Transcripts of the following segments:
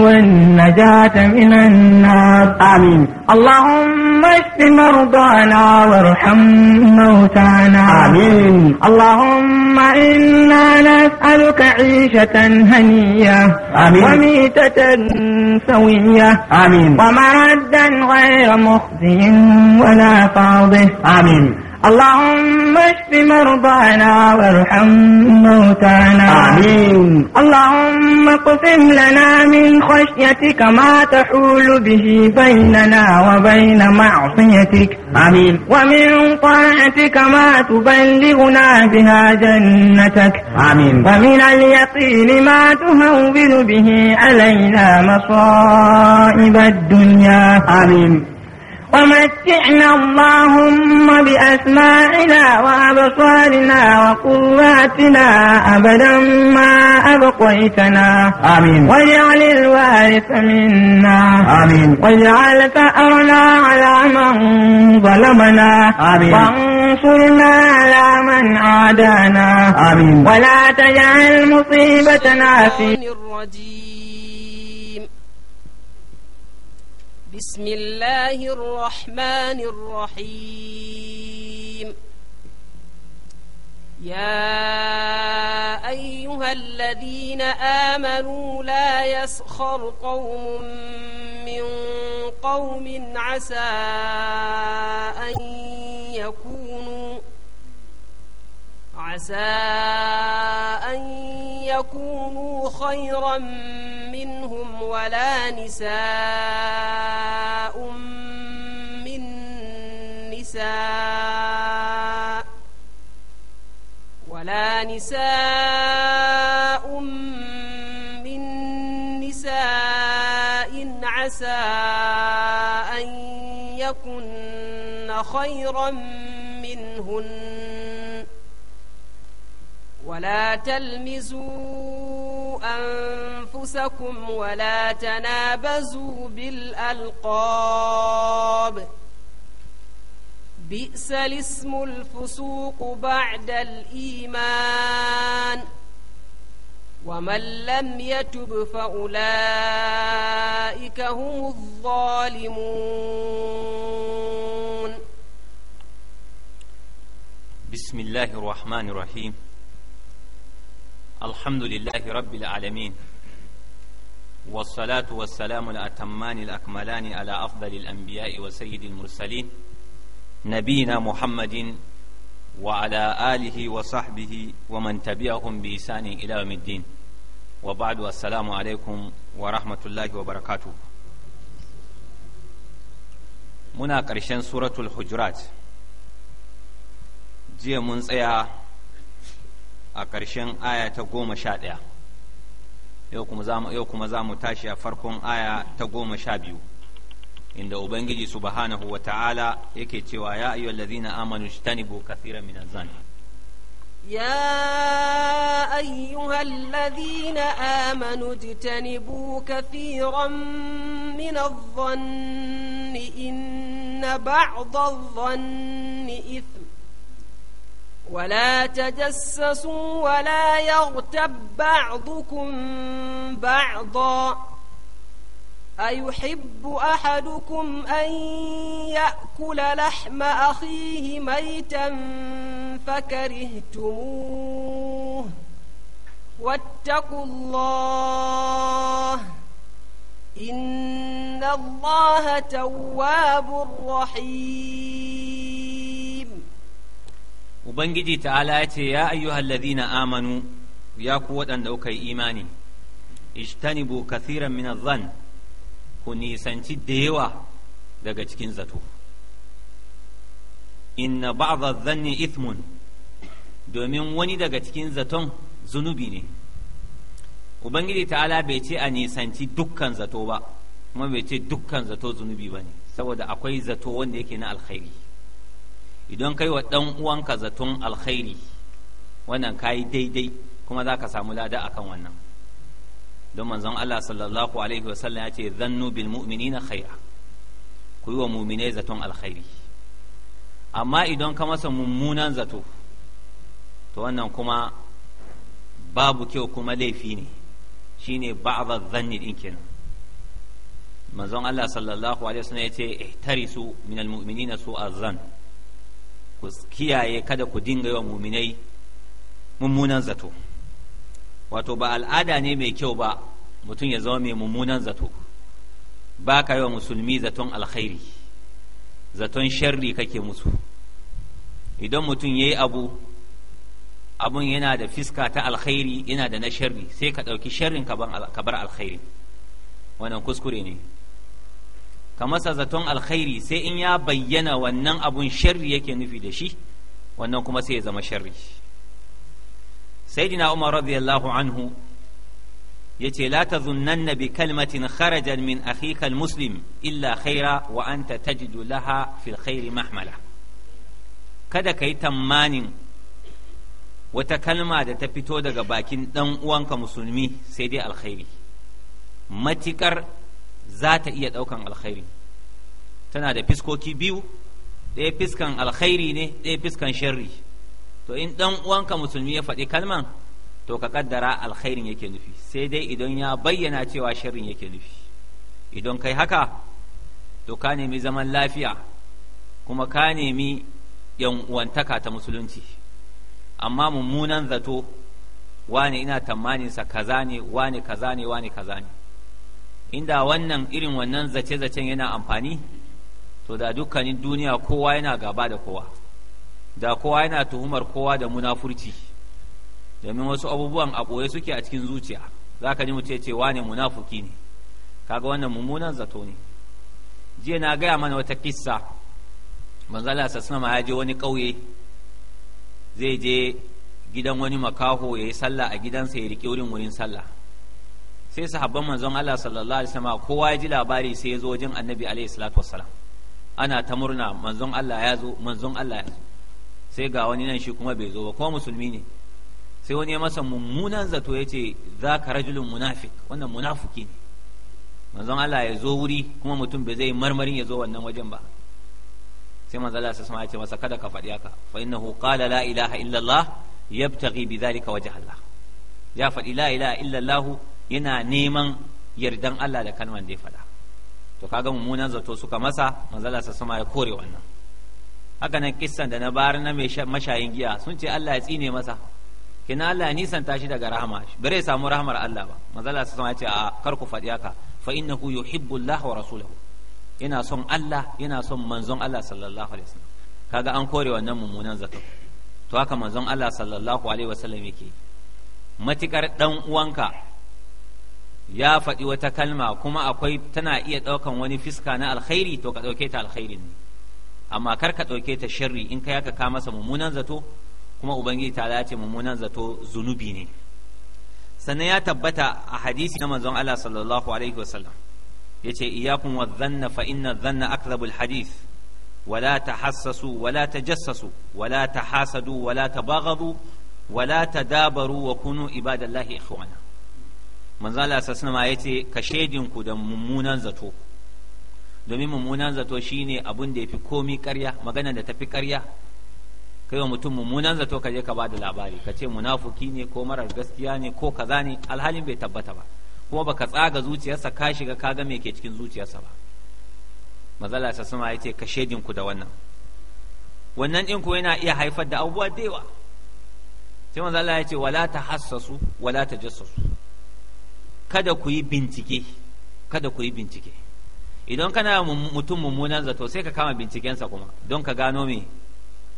والنجاة من النار آمين اللهم اشف مرضانا وارحم موتانا آمين اللهم إنا نسألك عيشة هنية آمين وميتة سوية آمين ومردا غير مخزي ولا فاضح آمين اللهم اشف مرضانا وارحم موتانا آمين اللهم قسم لنا من خشيتك ما تحول به بيننا وبين معصيتك آمين ومن طاعتك ما تبلغنا بها جنتك آمين ومن اليقين ما تهون به علينا مصائب الدنيا آمين ومتعنا اللهم بأسماعنا وأبصارنا وقواتنا أبدا ما أبقيتنا آمين واجعل الوارث منا آمين واجعل ثأرنا على من ظلمنا آمين وانصرنا على من عادانا آمين ولا تجعل مصيبتنا في الرجيم بسم الله الرحمن الرحيم يا أيها الذين آمنوا لا يسخر قوم من قوم عسى أن يكونوا عسى أن يكونوا خيرا منهم ولا نساء من نساء ولا نساء من نساء عسى أن يكن خيرا منهن ولا تلمزوا أنفسكم ولا تنابزوا بالألقاب بئس الاسم الفسوق بعد الإيمان ومن لم يتب فأولئك هم الظالمون بسم الله الرحمن الرحيم الحمد لله رب العالمين والصلاة والسلام الأتمان الأكملان على أفضل الأنبياء وسيد المرسلين نبينا محمد وعلى آله وصحبه ومن تبعهم بإحسان إلى يوم الدين وبعد السلام عليكم ورحمة الله وبركاته منا قرشن سورة الحجرات jiya mun tsaya a ƙarshen aya ta goma sha ɗaya yau kuma za mu tashi a farkon aya ta goma sha biyu inda ubangiji subhanahu wa ta'ala yake cewa ya ayyuhal ladhina amanu jtanibu kathiran min az يا أيها الذين آمنوا اجتنبوا كثيرا من الظن إن بعض الظن إثم ولا تجسسوا ولا يغتب بعضكم بعضا أيحب أحدكم أن يأكل لحم أخيه ميتا فكرهتموه واتقوا الله إن الله تواب رحيم ubangiji ta'ala ya ce ya ayyuhal ladina amanu ya ku waɗanda kuka yi imani ijtanibu kathiran min zan ku nisanci da yawa daga cikin zato inna ba'd adh ithmun domin wani daga cikin zaton zunubi ne ubangiji ta'ala bai ce a nisanci dukkan zato ba kuma bai ce dukkan zato zunubi ba ne saboda akwai zato wanda yake na alkhairi idan kai wa dan uwanka zaton alkhairi wannan kayi daidai kuma za ka samu lada akan wannan don manzon Allah sallallahu alaihi wasallam ya ce zannu bil mu'minina khaira ku yi wa mu'minai zaton alkhairi amma idan ka masa mummunan zato to wannan kuma babu kyau kuma laifi ne shi shine ba'dha dhanni din kenan manzon Allah sallallahu alaihi wasallam yace ihtarisu min almu'minina su dhann ku kiyaye kada ku dinga yawan muminai mummunan zato wato ba al'ada ne mai kyau ba mutum ya zama mai mummunan zato ba ka yi wa musulmi zaton alkhairi zaton sharri kake musu idan mutum ya yi abu abun yana da fiska ta alkhairi yana da na sharri sai ka ɗauki sharrin ka bar alkhairi wannan kuskure ne ka masa zaton alkhairi sai in ya bayyana wannan abun sharri yake nufi da shi wannan kuma sai ya zama sharri sayyidina umar radiyallahu anhu yace la tazunnanna bi kalmatin kharajan min akhika almuslim illa khaira wa anta tajidu laha fil khairi mahmala kada kai tammanin wata kalma da ta fito daga bakin dan uwanka musulmi sai dai alkhairi matikar za ta iya ɗaukan alkhairi tana da fiskoki biyu ɗaya fiskan alkhairi ne ɗaya fiskan sharri to in ɗan uwanka musulmi ya faɗi kalman to ka ƙaddara alkhairin yake nufi sai dai idan ya bayyana cewa sharrin yake nufi idan kai haka to ka nemi zaman lafiya kuma ka nemi yan uwantaka ta musulunci amma mummunan zato wane ina tamaninsa kaza ne wane kaza ne wane kaza ne inda wannan irin wannan zace-zacen yana amfani to da dukkanin duniya kowa yana gaba da kowa da kowa yana tuhumar kowa da munafurci domin wasu abubuwan a ɓoye suke a cikin zuciya za ka ji mu ce wane munafuki ne kaga wannan mummunan zato ne jiya na gaya mana wata kissa manzala sassanama ya je wani ƙauye zai je gidan wani makaho ya yi sallah a gidansa ya riƙe wurin wurin sallah sai sahabban manzon Allah sallallahu alaihi wasallam kowa ya ji labari sai ya zo wajen annabi alaihi salatu wassalam ana ta murna manzon Allah ya zo manzon Allah ya zo sai ga wani nan shi kuma bai zo ba ko musulmi ne sai wani ya masa mummunan zato ya ce za ka rajulun munafik wannan munafuki ne manzon Allah ya zo wuri kuma mutum bai zai marmarin ya zo wannan wajen ba sai manzon Allah ya ce masa kada ka faɗi haka fa innahu qala la ilaha illallah yabtaghi bidhalika wajh Allah ya faɗi la ilaha illallah Yana neman yardan Allah da kalman da ya faɗa to kaga mummunan zato suka masa manzala sa sama ya kore wannan haka nan kissan da na bayar na mai mashayin giya sun ce Allah ya tsine masa kina Allah ya nisanta shi daga rahama bare samu rahamar Allah ba manzala sa sama ya ce a kar ku faɗi haka fa innahu yuhibbu Allah wa rasulahu yana son Allah yana son manzon Allah sallallahu alaihi wasallam kaga an kore wannan mummunan zato to haka manzon Allah sallallahu alaihi wasallam yake matikar dan uwanka ya faɗi wata kalma kuma akwai tana iya ɗaukan wani fiska na alkhairi to ka ɗauke ta alkhairin amma kar ka ɗauke ta sharri in ka yaka ka masa mummunan zato kuma ubangiji ta ce mummunan zato zunubi ne sannan ya tabbata a hadisi na manzon Allah sallallahu alaihi wasallam yace iyyakum wadhanna fa inna dhanna akdhabul hadith ولا تحسسوا ولا تجسسوا wala تحاسدوا ولا تباغضوا ولا dabaru, wa kunu الله إخوانا manzo Allah sallallahu ya ce ka shedin ku da mummunan zato domin mummunan zato shine abun da ya fi komi karya magana da ta fi karya kai wa mutum mummunan zato ka je ka ba da labari ka ce munafuki ne ko marar gaskiya ne ko kaza ne alhalin bai tabbata ba kuma baka tsaga zuciyarsa ka shiga ka ga me ke cikin zuciyarsa ba mazala sa sama ya ce ka shedin da wannan wannan din ku yana iya haifar da abubuwa da yawa sai manzo Allah ya ce wala ta wala jassasu kada ku yi bincike kada ku yi bincike idan kana mutum mummunan zato sai ka kama bincikensa kuma don ka gano mai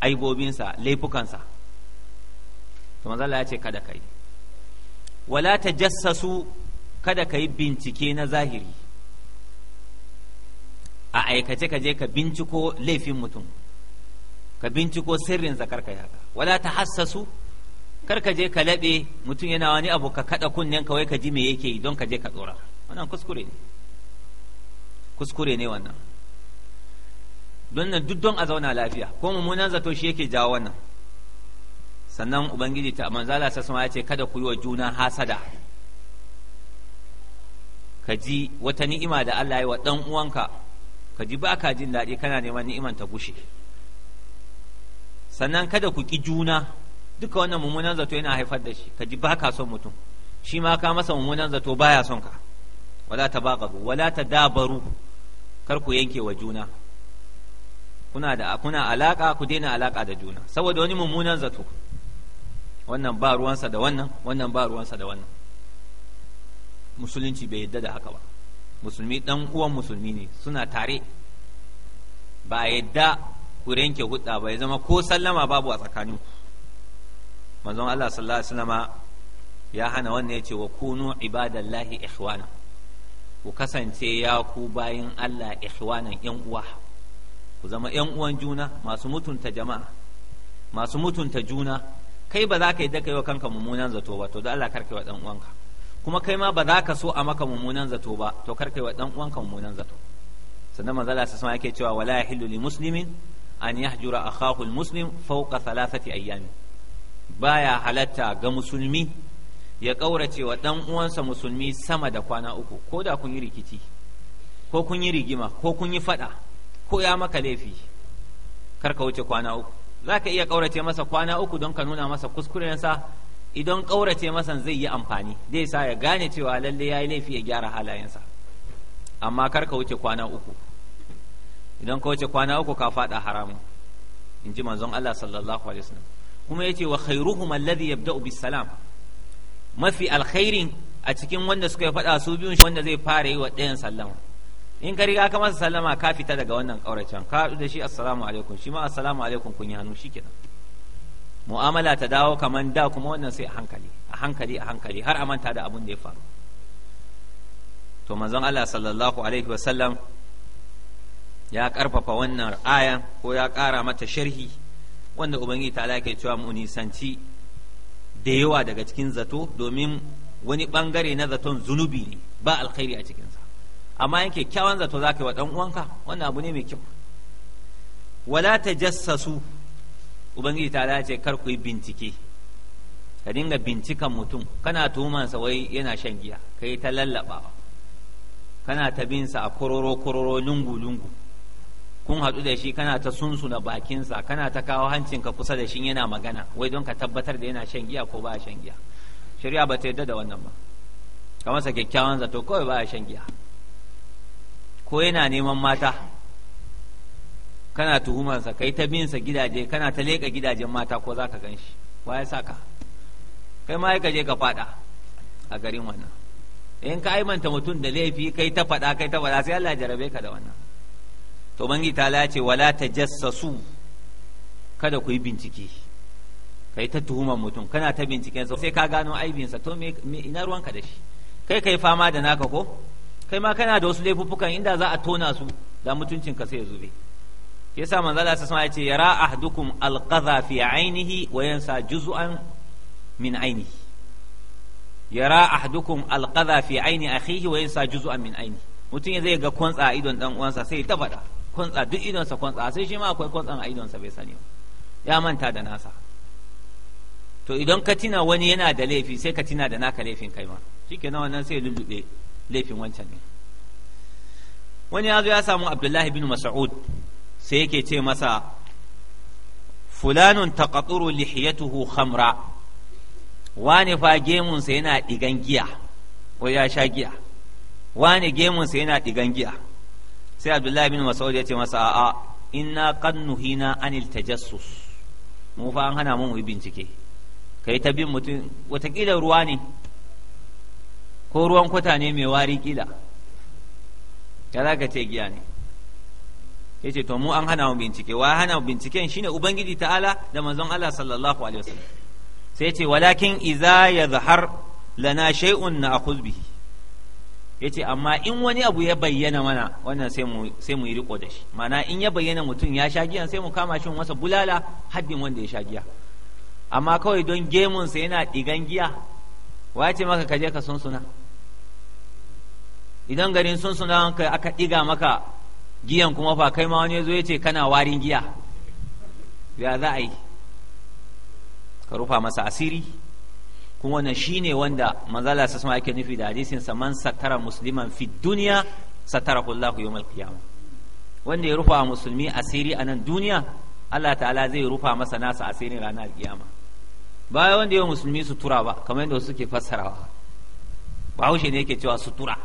aibobinsa laifukansa to manzala ya ce kada ka yi wala ta jassasu kada ka yi bincike na zahiri a aikace ka je ka binciko laifin mutum ka binciko sirrin zakar ka yaka wala ta hassasu kar ka je ka laɓe mutum yana wani abu ka kaɗa kunnen ka wai ka ji me yake yi don ka je ka tsora wannan kuskure ne kuskure ne wannan don nan duk don a zauna lafiya ko mummunan zato shi yake jawo wannan sannan ubangiji ta manzala sa ya ce kada ku yi wa juna hasada ka ji wata ni'ima da Allah ya wa dan uwanka ka ji ba ka jin daɗi kana neman ni'iman ta gushe sannan kada ku ƙi juna duka wannan mummunan zato yana haifar da shi ka ji ba ka son mutum shi ma ka masa mummunan zato baya son ka wala ta tabaqabu wala ta dabaru kar ku yanke wa juna kuna da kuna alaka ku daina alaka da juna saboda wani mummunan zato wannan ba ruwansa da wannan wannan ba ruwansa da wannan musulunci bai yadda da haka ba musulmi dan uwan musulmi ne suna tare ba yadda ku yanke hudda ba ya zama ko sallama babu a tsakaninku manzon Allah sallallahu alaihi wasallama ya hana wannan yace wa kunu ibadallahi ikhwana ku kasance ya ku bayin Allah ikhwanan yan uwa ku zama yan uwan juna masu mutunta jama'a masu mutunta juna kai ba za ka yi da kai wa kanka mummunan zato ba to da Allah karkai wa dan uwanka kuma kai ma ba za ka so a maka mummunan zato ba to karkai wa dan uwanka mummunan zato sannan manzo Allah sallallahu alaihi yake cewa wala yahillu li muslimin an yahjura akahu al-muslim fawqa thalathati ayyamin baya halatta ga musulmi ya ƙaurace wa ɗan uwansa musulmi sama da kwana uku ko da kun yi rikici ko kun yi rigima ko kun yi faɗa ko ya maka laifi kar ka wuce kwana uku za ka iya ƙaurace masa kwana uku don ka nuna masa kuskurensa idan ƙaurace masa zai yi amfani zai sa ya gane cewa lalle ya yi laifi ya gyara halayensa amma kar ka wuce kwana uku idan ka wuce kwana uku ka faɗa haramun in ji manzon Allah sallallahu alaihi wasallam kuma yace wa khairuhum alladhi yabda'u bis salam mafi alkhairin a cikin wanda suka faɗa su biyun wanda zai fara yi wa ɗayan sallama in ka riga ka masa sallama ka fita daga wannan ƙauracen ka haɗu da shi assalamu alaikum shi ma assalamu alaikum kun yi hannu shi kenan mu'amala ta dawo kaman da kuma wannan sai a hankali a hankali a hankali har a manta da abun da ya faru to manzon Allah sallallahu alaihi wa sallam ya karfafa wannan ayan ko ya kara mata sharhi wanda ubangiji ta ke cewa mu nisanci da yawa daga cikin zato domin wani bangare na zaton zunubi ne ba alkhairi a cikinsa amma yanke kyakkyawan zato za ka yi wa ɗan uwanka wannan abu ne mai kyau wala ta jassasu ubangiji ta ce kar ku yi bincike ka dinga bincikan mutum kana sa wai yana shan giya ka yi ta lallaɓawa kana ta binsa a kororo kororo lungu lungu kun haɗu da shi kana ta sunsuna bakinsa kana ta kawo hancinka kusa da shi yana magana wai don ka tabbatar da yana shan giya ko ba shan giya shari'a ba ta yadda da wannan ba ka masa kyakkyawan zato kawai ba shan giya ko yana neman mata kana tuhumarsa kai ta binsa gidaje kana ta leƙa gidajen mata ko za ka gan shi wa ya saka kai ma ka je ka faɗa a garin wannan in ka aimanta mutum da laifi kai ta faɗa kai ta faɗa sai Allah jarabe ka da wannan to bangi ta lace wala ta tajassasu kada ku yi bincike ka yi ta tuhumar mutum kana ta binciken sa sai ka gano aibinsa to me ina ruwanka da shi kai kai fama da naka ko kai ma kana da wasu laifuffukan inda za a tona su da mutuncin ka sai ya zube ke sa manzo Allah sai ya ce yara ahdukum alqadha fi ainihi wa yansa juz'an min ainihi yara ahdukum alqadha fi aini akhihi wa yansa juz'an min ainihi mutum zai ga kwantsa a idon dan uwansa sai ta faɗa kuntsa duk idonsa kwantsa sai shi ma akwai kuntsan a idonsa bai sani ya manta da nasa to idan ka tina wani yana da laifi sai ka tina da naka laifin kai ma shikenan wannan sai lulluɓe laifin wancan ne wani ya zo ya samu abdullahi bin mas'ud sai yake ce masa fulanun taqaturu lihiyatuhu khamra wani fa gemunsa yana digan giya ko ya sha giya wani gemunsa yana digan giya sai abdullahi bin mas'ud ya ce masa a'a inna qad nuhina anil tajassus mu fa an hana mu mu bincike kai ta bin mutum watakila ruwa ne ko ruwan kwata ne mai wari kila ya za ka ce giya ne ya ce to mu an hana mu bincike wa hana mu binciken shine ubangiji ta'ala da manzon Allah sallallahu alaihi wasallam sai ce walakin idza yazhar lana shay'un na bihi yace amma in wani abu ya bayyana mana wannan sai mu yi riko da shi mana in ya bayyana mutum ya sha giya sai mu kama shi masa bulala haddin wanda ya sha giya amma kawai don gemun sa yana digan giya ce maka kaje ka sunsuna idan garin sunsuna ka aka diga maka giyan kuma fa kai ma wani yazo yace kana warin giya ya za a yi ka rufa masa asiri kuma wannan shine wanda manzala sa sama ake nufi da hadisin sa man satara musliman fi duniya satara Allahu yawmal wanda ya rufa musulmi asiri a nan duniya Allah ta'ala zai rufa masa nasa asirin ranar kiyama ba wanda ya musulmi sutura ba kamar yadda suke fassarawa bahaushe ne yake cewa sutura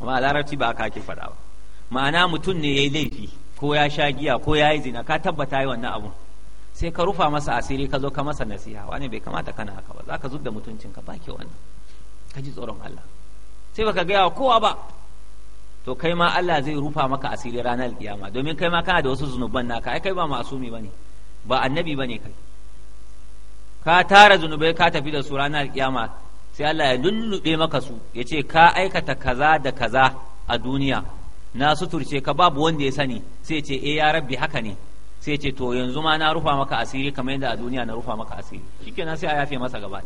amma a larabci ba ka ke faɗa ba ma'ana mutum ne ya yi laifi ko ya sha giya ko ya yi zina ka tabbata yi wannan abun sai ka rufa masa asiri ka zo ka masa nasiha wani bai kamata kana haka ba za ka zub da mutuncinka ba ke wannan ka ji tsoron Allah sai baka gaya wa kowa ba to kai ma Allah zai rufa maka asiri ranar kiyama domin kai ma kana da wasu zunuban naka ai kai ba masumi bane ba annabi bane kai ka tara zunubai ka tafi da su ranar kiyama sai Allah ya lullube maka su ya ce ka aikata kaza da kaza a duniya na suturce ka babu wanda ya sani sai ce eh ya rabbi haka ne sai ce to yanzu ma na rufa maka asiri kamar yadda a duniya na rufa maka asiri shikenan sai a yafe masa gaba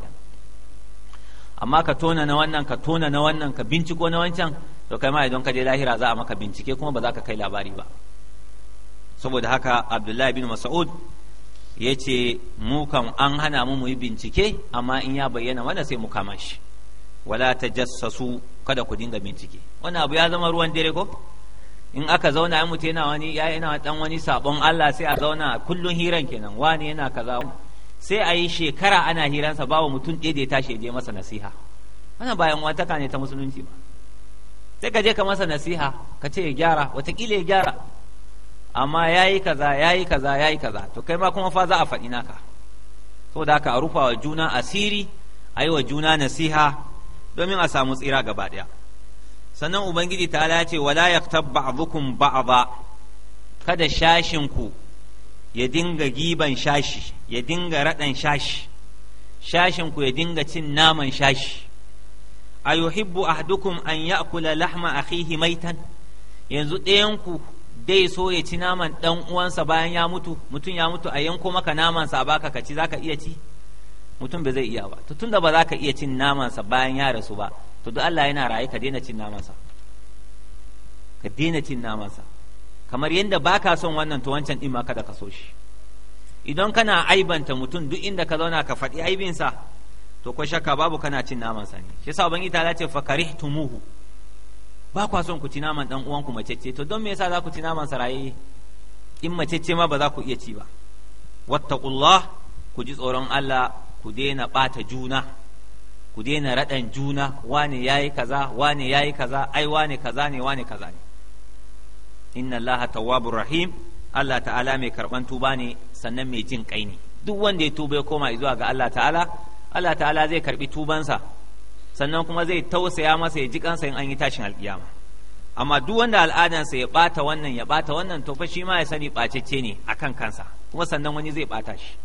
amma ka tona na wannan ka tona na wannan ka binciko na wancan to kai ma idan ka je lahira za a maka bincike kuma ba za ka kai labari ba saboda haka abdullahi bin mas'ud ya ce mu kan an hana mu mu yi bincike amma in ya bayyana mana sai mu kama shi wala tajassasu kada ku dinga bincike wannan abu ya zama ruwan dare ko in aka zauna ya mutu yana wani ya yana dan wani sabon Allah sai a zauna kullun hiran kenan wani yana kaza sai a yi shekara ana hiransa babu mutum ɗaya da ya tashi je masa nasiha wannan bayan wataka ne ta musulunci ba sai ka je ka masa nasiha ka ce ya gyara watakila ya gyara amma ya yi kaza ya yi kaza ya yi kaza to kai ma kuma fa za a faɗi naka saboda haka a rufa wa juna asiri a yi wa juna nasiha domin a samu tsira gaba ɗaya sannan ubangiji ta ala ce wala yaktab ba'dukum ba'dha kada shashin ku ya dinga giban shashi ya dinga radan shashi shashin ku ya dinga cin naman shashi ayuhibbu ahdukum an ya'kula lahma akhihi maitan yanzu ɗayan ku dai so ya ci naman ɗan uwansa bayan ya mutu mutum ya mutu a yanko maka naman sa baka ka ci zaka iya ci mutum bai zai iya ba to tunda ba za ka iya cin namansa bayan ya rasu ba to da Allah yana raye ka daina cin namansa ka daina cin namansa kamar yadda baka ka son wannan to wancan ɗin ma kada ka so shi idan kana aibanta mutum duk inda ka zauna ka faɗi aibinsa to ko shakka babu kana cin namansa ne shi yasa ubangiji ta ce fakarihtumuhu ba kwa son ku ci naman dan uwanku macece to don me yasa za ku ci naman sa raye in macece ma ba za ku iya ci ba wattaqullah ku ji tsoron Allah ku daina ɓata juna ku daina raɗan juna wane ya yi kaza wane ya yi kaza ai wane kaza ne wane kaza ne inna Allah tawwabur rahim Allah ta'ala mai karɓan tuba ne sannan mai jin kai ne duk wanda ya tuba ya koma zuwa ga Allah ta'ala Allah ta'ala zai karbi tubansa sannan kuma zai tausaya masa ya ji kansa in an yi tashin alƙiyama amma duk wanda al'adansa ya bata wannan ya bata wannan to fa shi ma ya sani bacecce ne akan kansa kuma sannan wani zai bata shi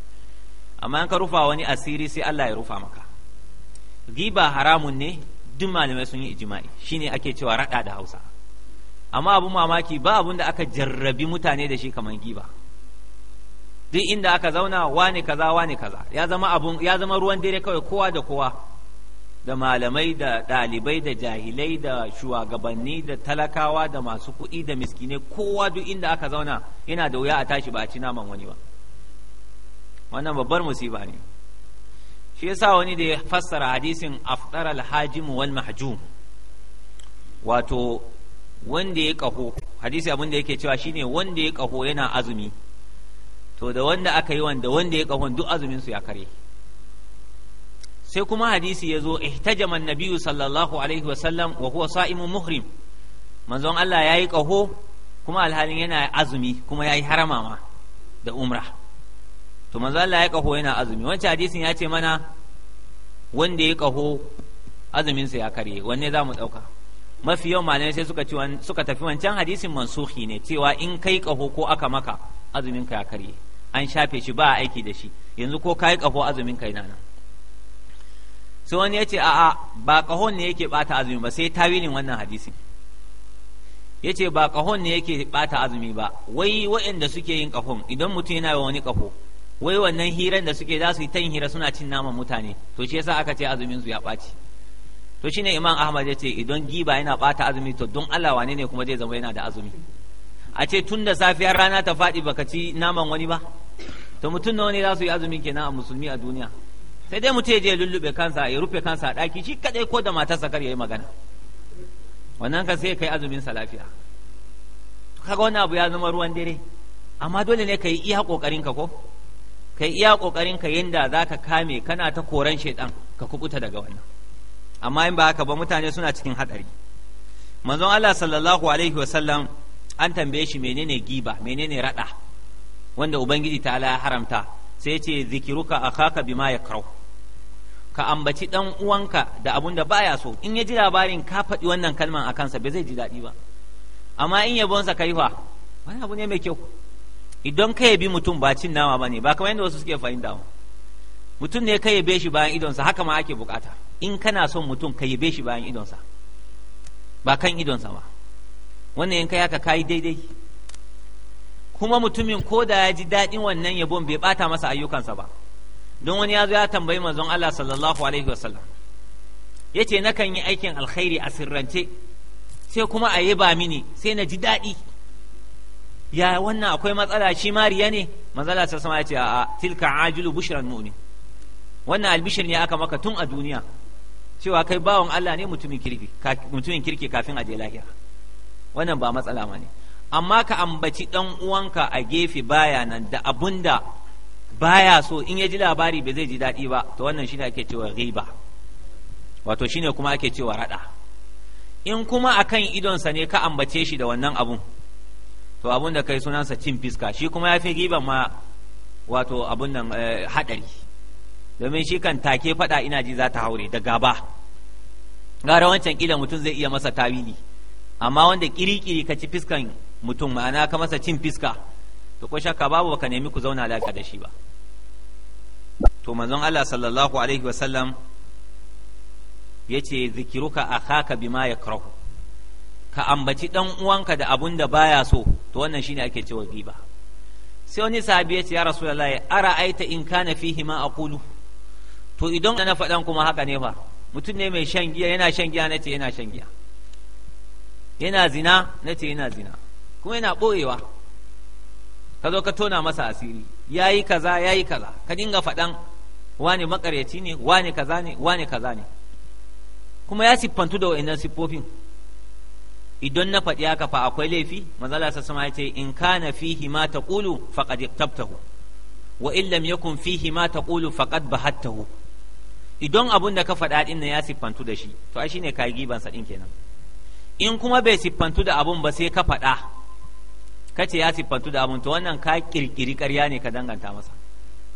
amma in ka rufa wani asiri sai Allah ya rufa maka giba haramun ne duk malamai sun yi shi shine ake cewa raɗa da Hausa amma abun mamaki ba abun da aka jarrabi mutane da shi kamar giba duk inda aka zauna wane kaza wane kaza ya zama abun ya zama ruwan dare kawai kowa da kowa da malamai da ɗalibai da jahilai da shugabanni da talakawa da masu kuɗi da miskine kowa duk inda aka zauna yana da wuya a tashi ba a ci naman wani ba wannan babbar musiba ne shi yasa wani da ya fassara hadisin afdar al-hajim wal mahjum wato wanda ya kaho hadisi abin da yake cewa shine wanda ya kaho yana azumi to da wanda aka yi wanda wanda ya kahon duk azumin su ya kare sai kuma hadisi ya zo ihtajama annabiyyu sallallahu alaihi wa sallam wa huwa sa'imun muhrim manzon Allah yayi kaho kuma alhalin yana azumi kuma yayi harama ma da umrah to manzo Allah ya kaho yana azumi wancan hadisin ya ce mana wanda ya kaho azumin sa ya karye wanne za mu dauka mafi yau malamai sai suka suka tafi wancan hadisin mansuhi ne cewa in kai kaho ko aka maka azumin ka ya karye an shafe shi ba aiki da shi yanzu ko kai kaho azumin ka yana nan sai wani ya ce a'a ba kahon ne yake bata azumi ba sai tawilin wannan hadisin ya ce ba kahon ne yake bata azumi ba wai waɗanda suke yin kahon idan mutum yana wa wani kaho wai wannan hiran da suke za su yi ta hira suna cin naman mutane to shi yasa aka ce azumin su ya ɓaci to shine imam ahmad ya ce idan giba yana ɓata azumi to don allah wane ne kuma zai zama yana da azumi a ce tun da safiyar rana ta faɗi baka ci naman wani ba to mutum nawa ne za su yi azumi kenan a musulmi a duniya sai dai mutum ya je lullube kansa ya rufe kansa a ɗaki shi kaɗai ko da matarsa kar ya yi magana wannan ka sai kai azumin sa lafiya kaga wani abu ya zama ruwan dare amma dole ne ka yi iya kokarin ka ko kai iya kokarin ka yinda ka kame kana ta koran shaidan ka kubuta daga wannan amma in ba haka ba mutane suna cikin hadari manzon Allah sallallahu alaihi wa sallam an tambaye shi menene giba menene rada wanda ubangiji ta ya haramta sai ce zikiruka akhaka bima yakrahu ka ambaci dan uwanka da abun da baya so in ya ji labarin ka faɗi wannan kalman a kansa bai zai ji daɗi ba amma in yabonsa kai fa wani abu ne mai kyau idan ka yabi mutum ba cin nama ba ne ba kamar yadda wasu suke fahimta ba mutum ne ka yabe shi bayan idonsa haka ma ake bukata in kana son mutum ka yabe shi bayan idonsa ba kan idonsa ba wannan in yaka ka kayi daidai kuma mutumin ko da ya ji daɗin wannan yabon bai ɓata masa ayyukansa ba don wani ya zo ya tambayi manzon Allah sallallahu alaihi wasallam ya ce nakan yi aikin alkhairi a sirrance sai kuma a yaba mini sai na ji daɗi ya wannan akwai matsala shi mariya ne matsala ta sama ya ce a tilka ajilu bushran mu'min wannan albishir ne aka maka tun a duniya cewa kai bawan Allah ne mutumin kirki mutumin kirki kafin a je lahira wannan ba matsala ma ne amma ka ambaci dan uwanka a gefe baya nan da abunda baya so in ya ji labari bai zai ji daɗi ba to wannan shine ake cewa riba wato shine kuma ake cewa rada in kuma akan idonsa ne ka ambace shi da wannan abun to abun da kai sunansa cin fiska shi kuma ya fi riba ma wato abun nan eh, hadari domin shi kan take fada ina ji za ta haure da gaba gara wancan kila mutum zai iya masa tawili amma wanda kirikiri ka ci fiskan mutum ma'ana ka masa cin fiska to ko shakka babu baka nemi ku zauna lafiya da shi ba to manzon Allah sallallahu alaihi wasallam yace zikiruka akhaka bima yakrahu ka ambaci dan uwanka da abun da baya so to wannan shine ake cewa giba sai wani sahabi ya ce ya rasulullahi ara aita in kana fihi ma aqulu to idan na faɗan kuma haka ne fa mutum ne mai shan giya yana shan giya nace yana shan giya yana zina nace yana zina kuma yana boyewa ka zo ka tona masa asiri yayi kaza yayi kaza ka dinga faɗan wani makaryaci ne wani kaza ne wani kaza ne kuma ya siffantu da wa'annan siffofin idan na faɗi haka fa akwai laifi manzala sa sama ya ce in kana fihi ma taqulu faqad iqtabtahu wa in lam yakun fihi ma taqulu faqad bahattahu idan abun da ka faɗa din ya siffantu da shi to ai shine kai giban sa din kenan in kuma bai siffantu da abun ba sai ka faɗa ka ce ya siffantu da abun to wannan ka kirkiri ƙarya ne ka danganta masa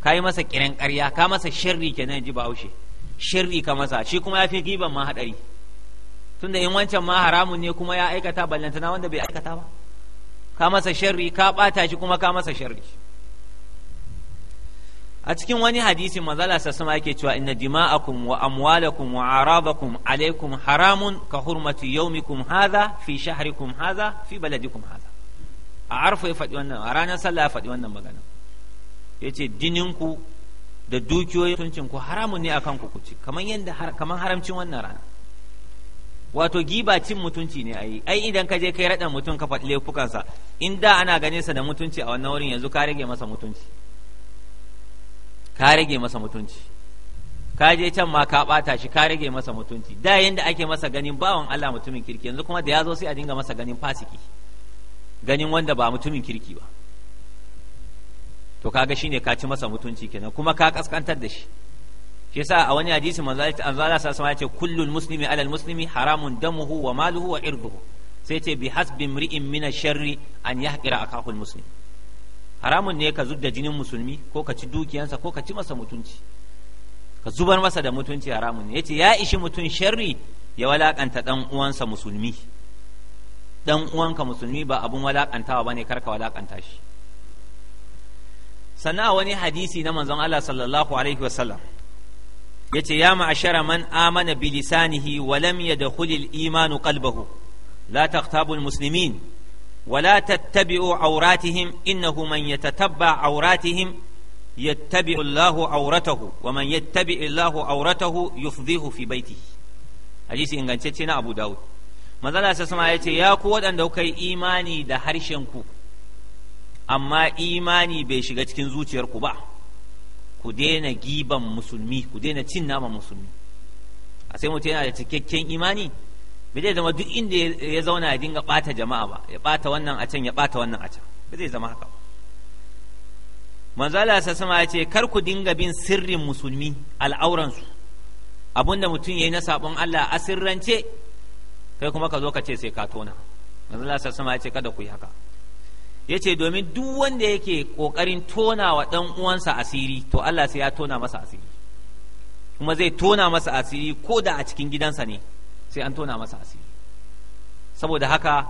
ka yi masa kiran ƙarya ka masa sharri kenan ji bahaushe sharri ka masa shi kuma ya fi giban ma haɗari tunda in wancan ma haramun ne kuma ya aikata ballantana wanda bai aikata ba ka masa sharri ka bata shi kuma ka masa sharri a cikin wani hadisi sa sama yake cewa inna dima'akum wa amwalakum wa aradakum alaikum haramun ka hurmati yawmikum hadha fi shahrikum hadha fi baladikum hadha a arfa ya faɗi wannan a ranar sallah ya faɗi wannan magana yace dininku da dukiyoyin tuncin ku haramun ne akan ku kuci kamar yadda kamar haramcin wannan rana wato giba cin mutunci ne ai ai idan ka je kai raɗa mutum ka faɗi laifukansa in da ana ganin sa da mutunci a wannan wurin yanzu ka rage masa mutunci ka rage masa mutunci ka je can ma ka ɓata shi ka rage masa mutunci da yanda ake masa ganin bawan Allah mutumin kirki yanzu kuma da ya zo sai a dinga masa ganin fasiki ganin wanda ba mutumin kirki ba to kaga shine ka ci masa mutunci kenan kuma ka kaskantar da shi shi yasa a wani hadisi manzo Allah sallallahu alaihi ce kullul muslimi alal muslimi haramun damuhu wa maluhu wa irduhu sai ce bi hasbi mri'in min sharri an yahqira akahul muslim haramun ne ka zubda jinin musulmi ko ka ci dukiyansa ko ka ci masa mutunci ka zubar masa da mutunci haramun ne yace ya ishi mutun sharri ya walakanta dan uwansa musulmi dan uwanka musulmi ba abun walakantawa bane karka walakanta shi Sannan wani hadisi na manzon Allah sallallahu alaihi wasallam yace ya ma'ashara man amana bi lisanihi wa lam yadkhul al-iman qalbahu la taqtabu al-muslimin wa la tattabi'u awratihim innahu man yatatabba awratihim yattabi'u Allahu awratahu wa man yattabi'u Allahu awratahu yufdhihu fi hadisi ingantacce na Abu Dawud manzala sa sama yace ya ku waɗanda kuka yi imani da harshen ku amma imani bai shiga cikin zuciyarku ba ku daina giban musulmi ku daina cin naman musulmi a sai mutum yana da cikakken imani bai zai zama duk inda ya zauna ya dinga ɓata jama'a ba ya ɓata wannan a can ya ɓata wannan a can ba zai zama haka manzo Allah sa sama ya ce kar ku dinga bin sirrin musulmi al'auransu abinda mutum yayi na sabon Allah asirrance kai kuma ka zo ka ce sai ka tona manzo Allah sa sama ya ce kada ku yi haka ya ce domin duk wanda yake ƙoƙarin tona wa ɗan uwansa asiri to Allah sai ya tona masa asiri kuma zai tona masa asiri ko da a cikin gidansa ne sai an tona masa asiri saboda haka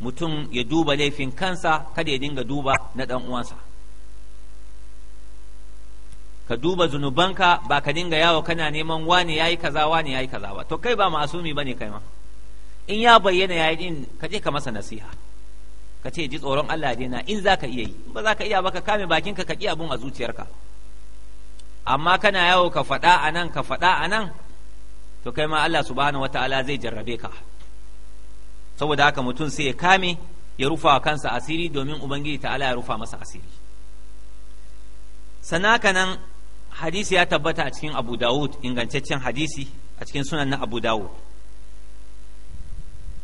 mutum ya duba laifin kansa kada ya dinga duba na ɗan uwansa ka duba zunubanka ba ka dinga yawo kana neman wane yayi kaza wane yayi kaza ba to kai ba masumi bane kai ma in ya bayyana yayi din ka je ka masa nasiha ka ce ji tsoron Allah na in za ka iya yi ba za ka iya ba ka kame bakin ka ƙi abun a zuciyarka amma kana yawo ka faɗa a nan ka faɗa a nan to kai ma Allah subhanahu wataala zai jarrabe ka saboda haka mutum sai ya kame ya rufa kansa asiri domin ubangiji ta'ala ya rufa masa asiri sanaka nan hadisi ya tabbata a cikin abu dawud ingantaccen hadisi a cikin sunan na abu dawud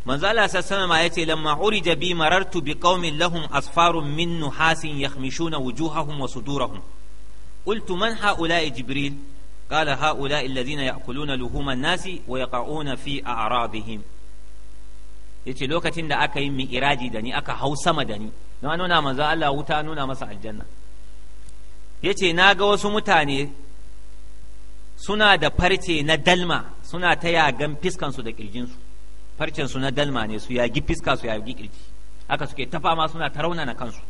manzo Allah sallallahu alaihi yace lamma urija bi marartu bi qaumin lahum asfarun min nuhasin yakhmishuna wujuhahum wa sudurahum qultu man haula'i jibril قال هؤلاء الذين يأكلون لحوم الناس ويقعون في أعراضهم yace lokacin da aka yi min iraji da ni aka hau sama da ni na nuna manzo Allah wuta nuna masa aljanna yace na ga wasu mutane suna da farce na dalma suna ta yagan fiskansu da kirjinsu farcen su na dalma ne su ya gi fiska su ya gi kirji haka suke ta fama suna ta raunana kansu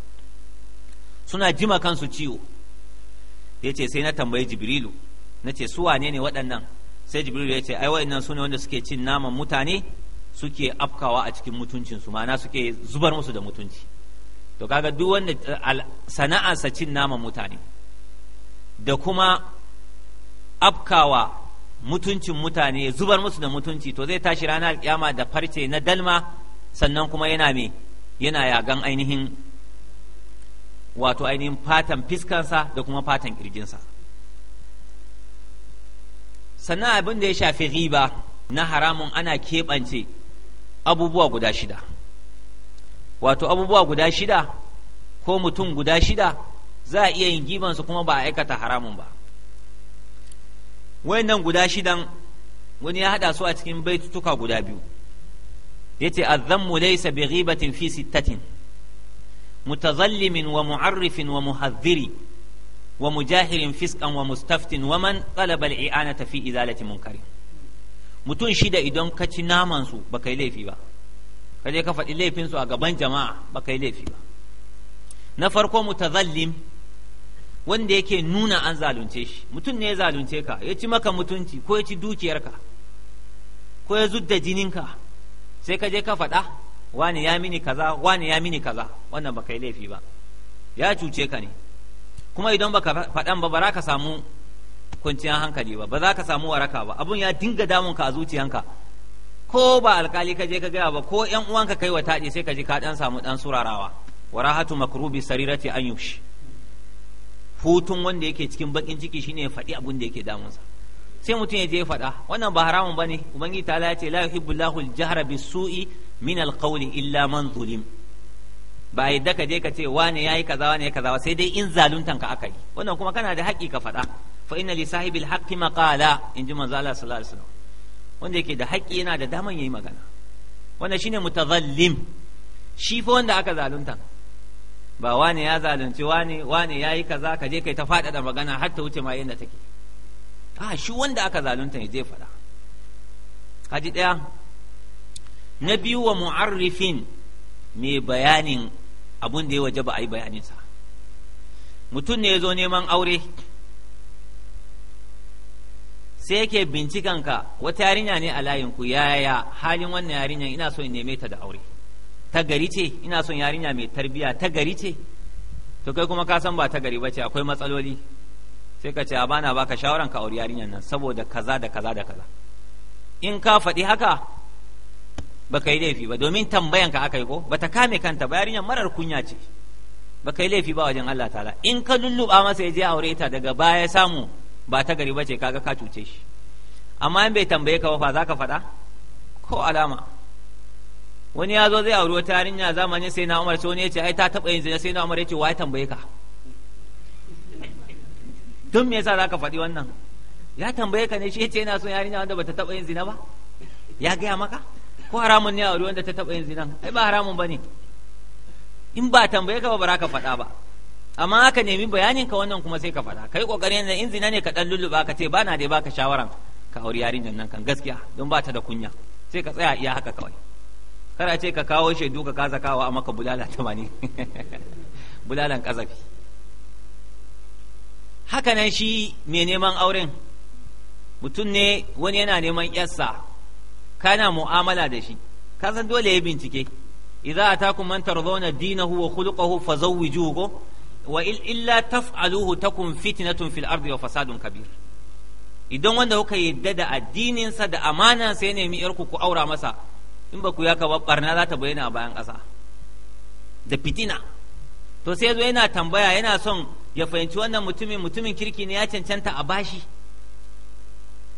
suna jima kansu ciwo ya ce sai na tambayi jibrilu na ce su wane ne waɗannan sai jibrilu ya ce ai waɗannan su ne wanda suke cin naman mutane suke afkawa a cikin mutuncinsu ma'ana suke zubar musu da mutunci to kaga duk wanda sana'arsa cin naman mutane da kuma afkawa mutuncin mutane zubar musu da mutunci to zai tashi ranar alkiyama da farce na dalma sannan kuma yana me yana yagan ainihin wato ainihin fatan fiskansa da kuma fatan kirjinsa sannan abin da ya shafi riba na haramun ana keɓance abubuwa guda shida wato abubuwa guda shida ko mutum guda shida za a iya yin gibansu kuma ba a aikata haramun ba wayannan guda shidan wani ya hada su a cikin baitutuka guda biyu yace azzammu laysa bi ghibatin fi sittatin mutazallimin wa mu'arrifin wa muhadhiri wa mujahirin fiskan wa mustaftin wa man talaba al fi izalati munkari mutun shida idan ka ci naman su baka yi laifi ba kaje ka faɗi laifin su a gaban jama'a baka yi laifi ba na farko mutazallim wanda yake nuna an zalunce shi mutum ne ya zalunce ka ya ci maka mutunci ko ya ci dukiyarka ko ya zudda jininka sai ka je ka faɗa wani ya mini kaza wani ya mini kaza wannan baka yi laifi ba ya cuce ka ne kuma idan baka faɗan ba ba za ka samu kwanciyar hankali ba ba za ka samu waraka ba abun ya dinga damun ka a zuciyanka ko ba alkali ka je ka gaya ba ko yan uwanka kai wa taɗi sai ka je ka ɗan samu ɗan surarawa warahatu makrubi sarirati an yushi hutun wanda yake cikin bakin ciki shine ya faɗi abin da yake damunsa sai mutum ya je faɗa wannan ba haramun ne ubangiji ta ya ce la yuhibbu Allahu al bisu'i sui min al illa man zulim ba yadda ka je ka ce wane yayi kaza wane yayi kaza sai dai in zaluntan ka aka yi wannan kuma kana da haƙƙi ka faɗa fa inna li sahibil haqqi maqala in ji manzo Allah sallallahu alaihi wasallam wanda yake da haƙƙi yana da daman yayi magana wannan shine mutazallim shi fa wanda aka zalunta ba wani ya zalunci Wani ya yi kaza ka je kai ta faɗaɗa magana har ta wuce ma yadda take a ah, shi wanda aka zalunta ya je faɗa Kaji ɗaya na biyu wa mu'arrifin mai bayanin abun da ya waje ba a yi bayaninsa mutum ne ya zo neman aure sai yake ka wata yarinya ne a layinku yaya halin wannan yarinyan ina so in neme ta da aure ta gari ce ina son yarinya mai tarbiya ta gari ce to kai kuma ka san ba ta gari bace akwai matsaloli sai ka ce a bana baka shawaran ka auri yarinyar nan saboda kaza da kaza da kaza in ka faɗi haka baka yi laifi ba domin tambayan ka aka yi ko bata kame kanta ba yarinyar marar kunya ce baka yi laifi ba wajen Allah ta'ala in ka lulluba masa ya je aure ta daga baya samu ba ta gari bace kaga ka cuce shi amma in bai tambaye ka ba fa ka faɗa ko alama wani ya zo zai auri wata yarinya zamanin sai na umar sai wani ya ce ai ta taɓa yin zina sai na umar ya ce wa ya tambaye ka tun me yasa zaka faɗi wannan ya tambaye ka ne shi ya ce yana son yarinya wanda bata taɓa yin zina ba ya gaya maka ko haramun ne a wuri wanda ta taɓa yin zina ai ba haramun ba ne in ba tambaye ka ba ba ka faɗa ba amma aka nemi bayanin ka wannan kuma sai ka faɗa kai kokarin in zina ne ka dan lulluba ka ce ba na dai baka shawaran ka auri yarinya nan kan gaskiya don ba ta da kunya sai ka tsaya iya haka kawai kana ce ka kawo shaidu ka kasa kawo a maka bulala tamani bulalan kazafi haka nan shi mai neman auren mutum ne wani yana neman yarsa kana mu'amala da shi ka san dole ya bincike idza atakum man tardawna dinahu wa khuluquhu fazawwijuhu wa illa taf'aluhu takun fitnatun fil ardi wa fasadun kabir idan wanda kuka yadda da addininsa da amanansa ya nemi yarku ku aura masa in ba ku ya ka barna za ta bayyana a bayan ƙasa da fitina to sai zo yana tambaya yana son ya fahimci wannan mutumin mutumin kirki ne ya cancanta a bashi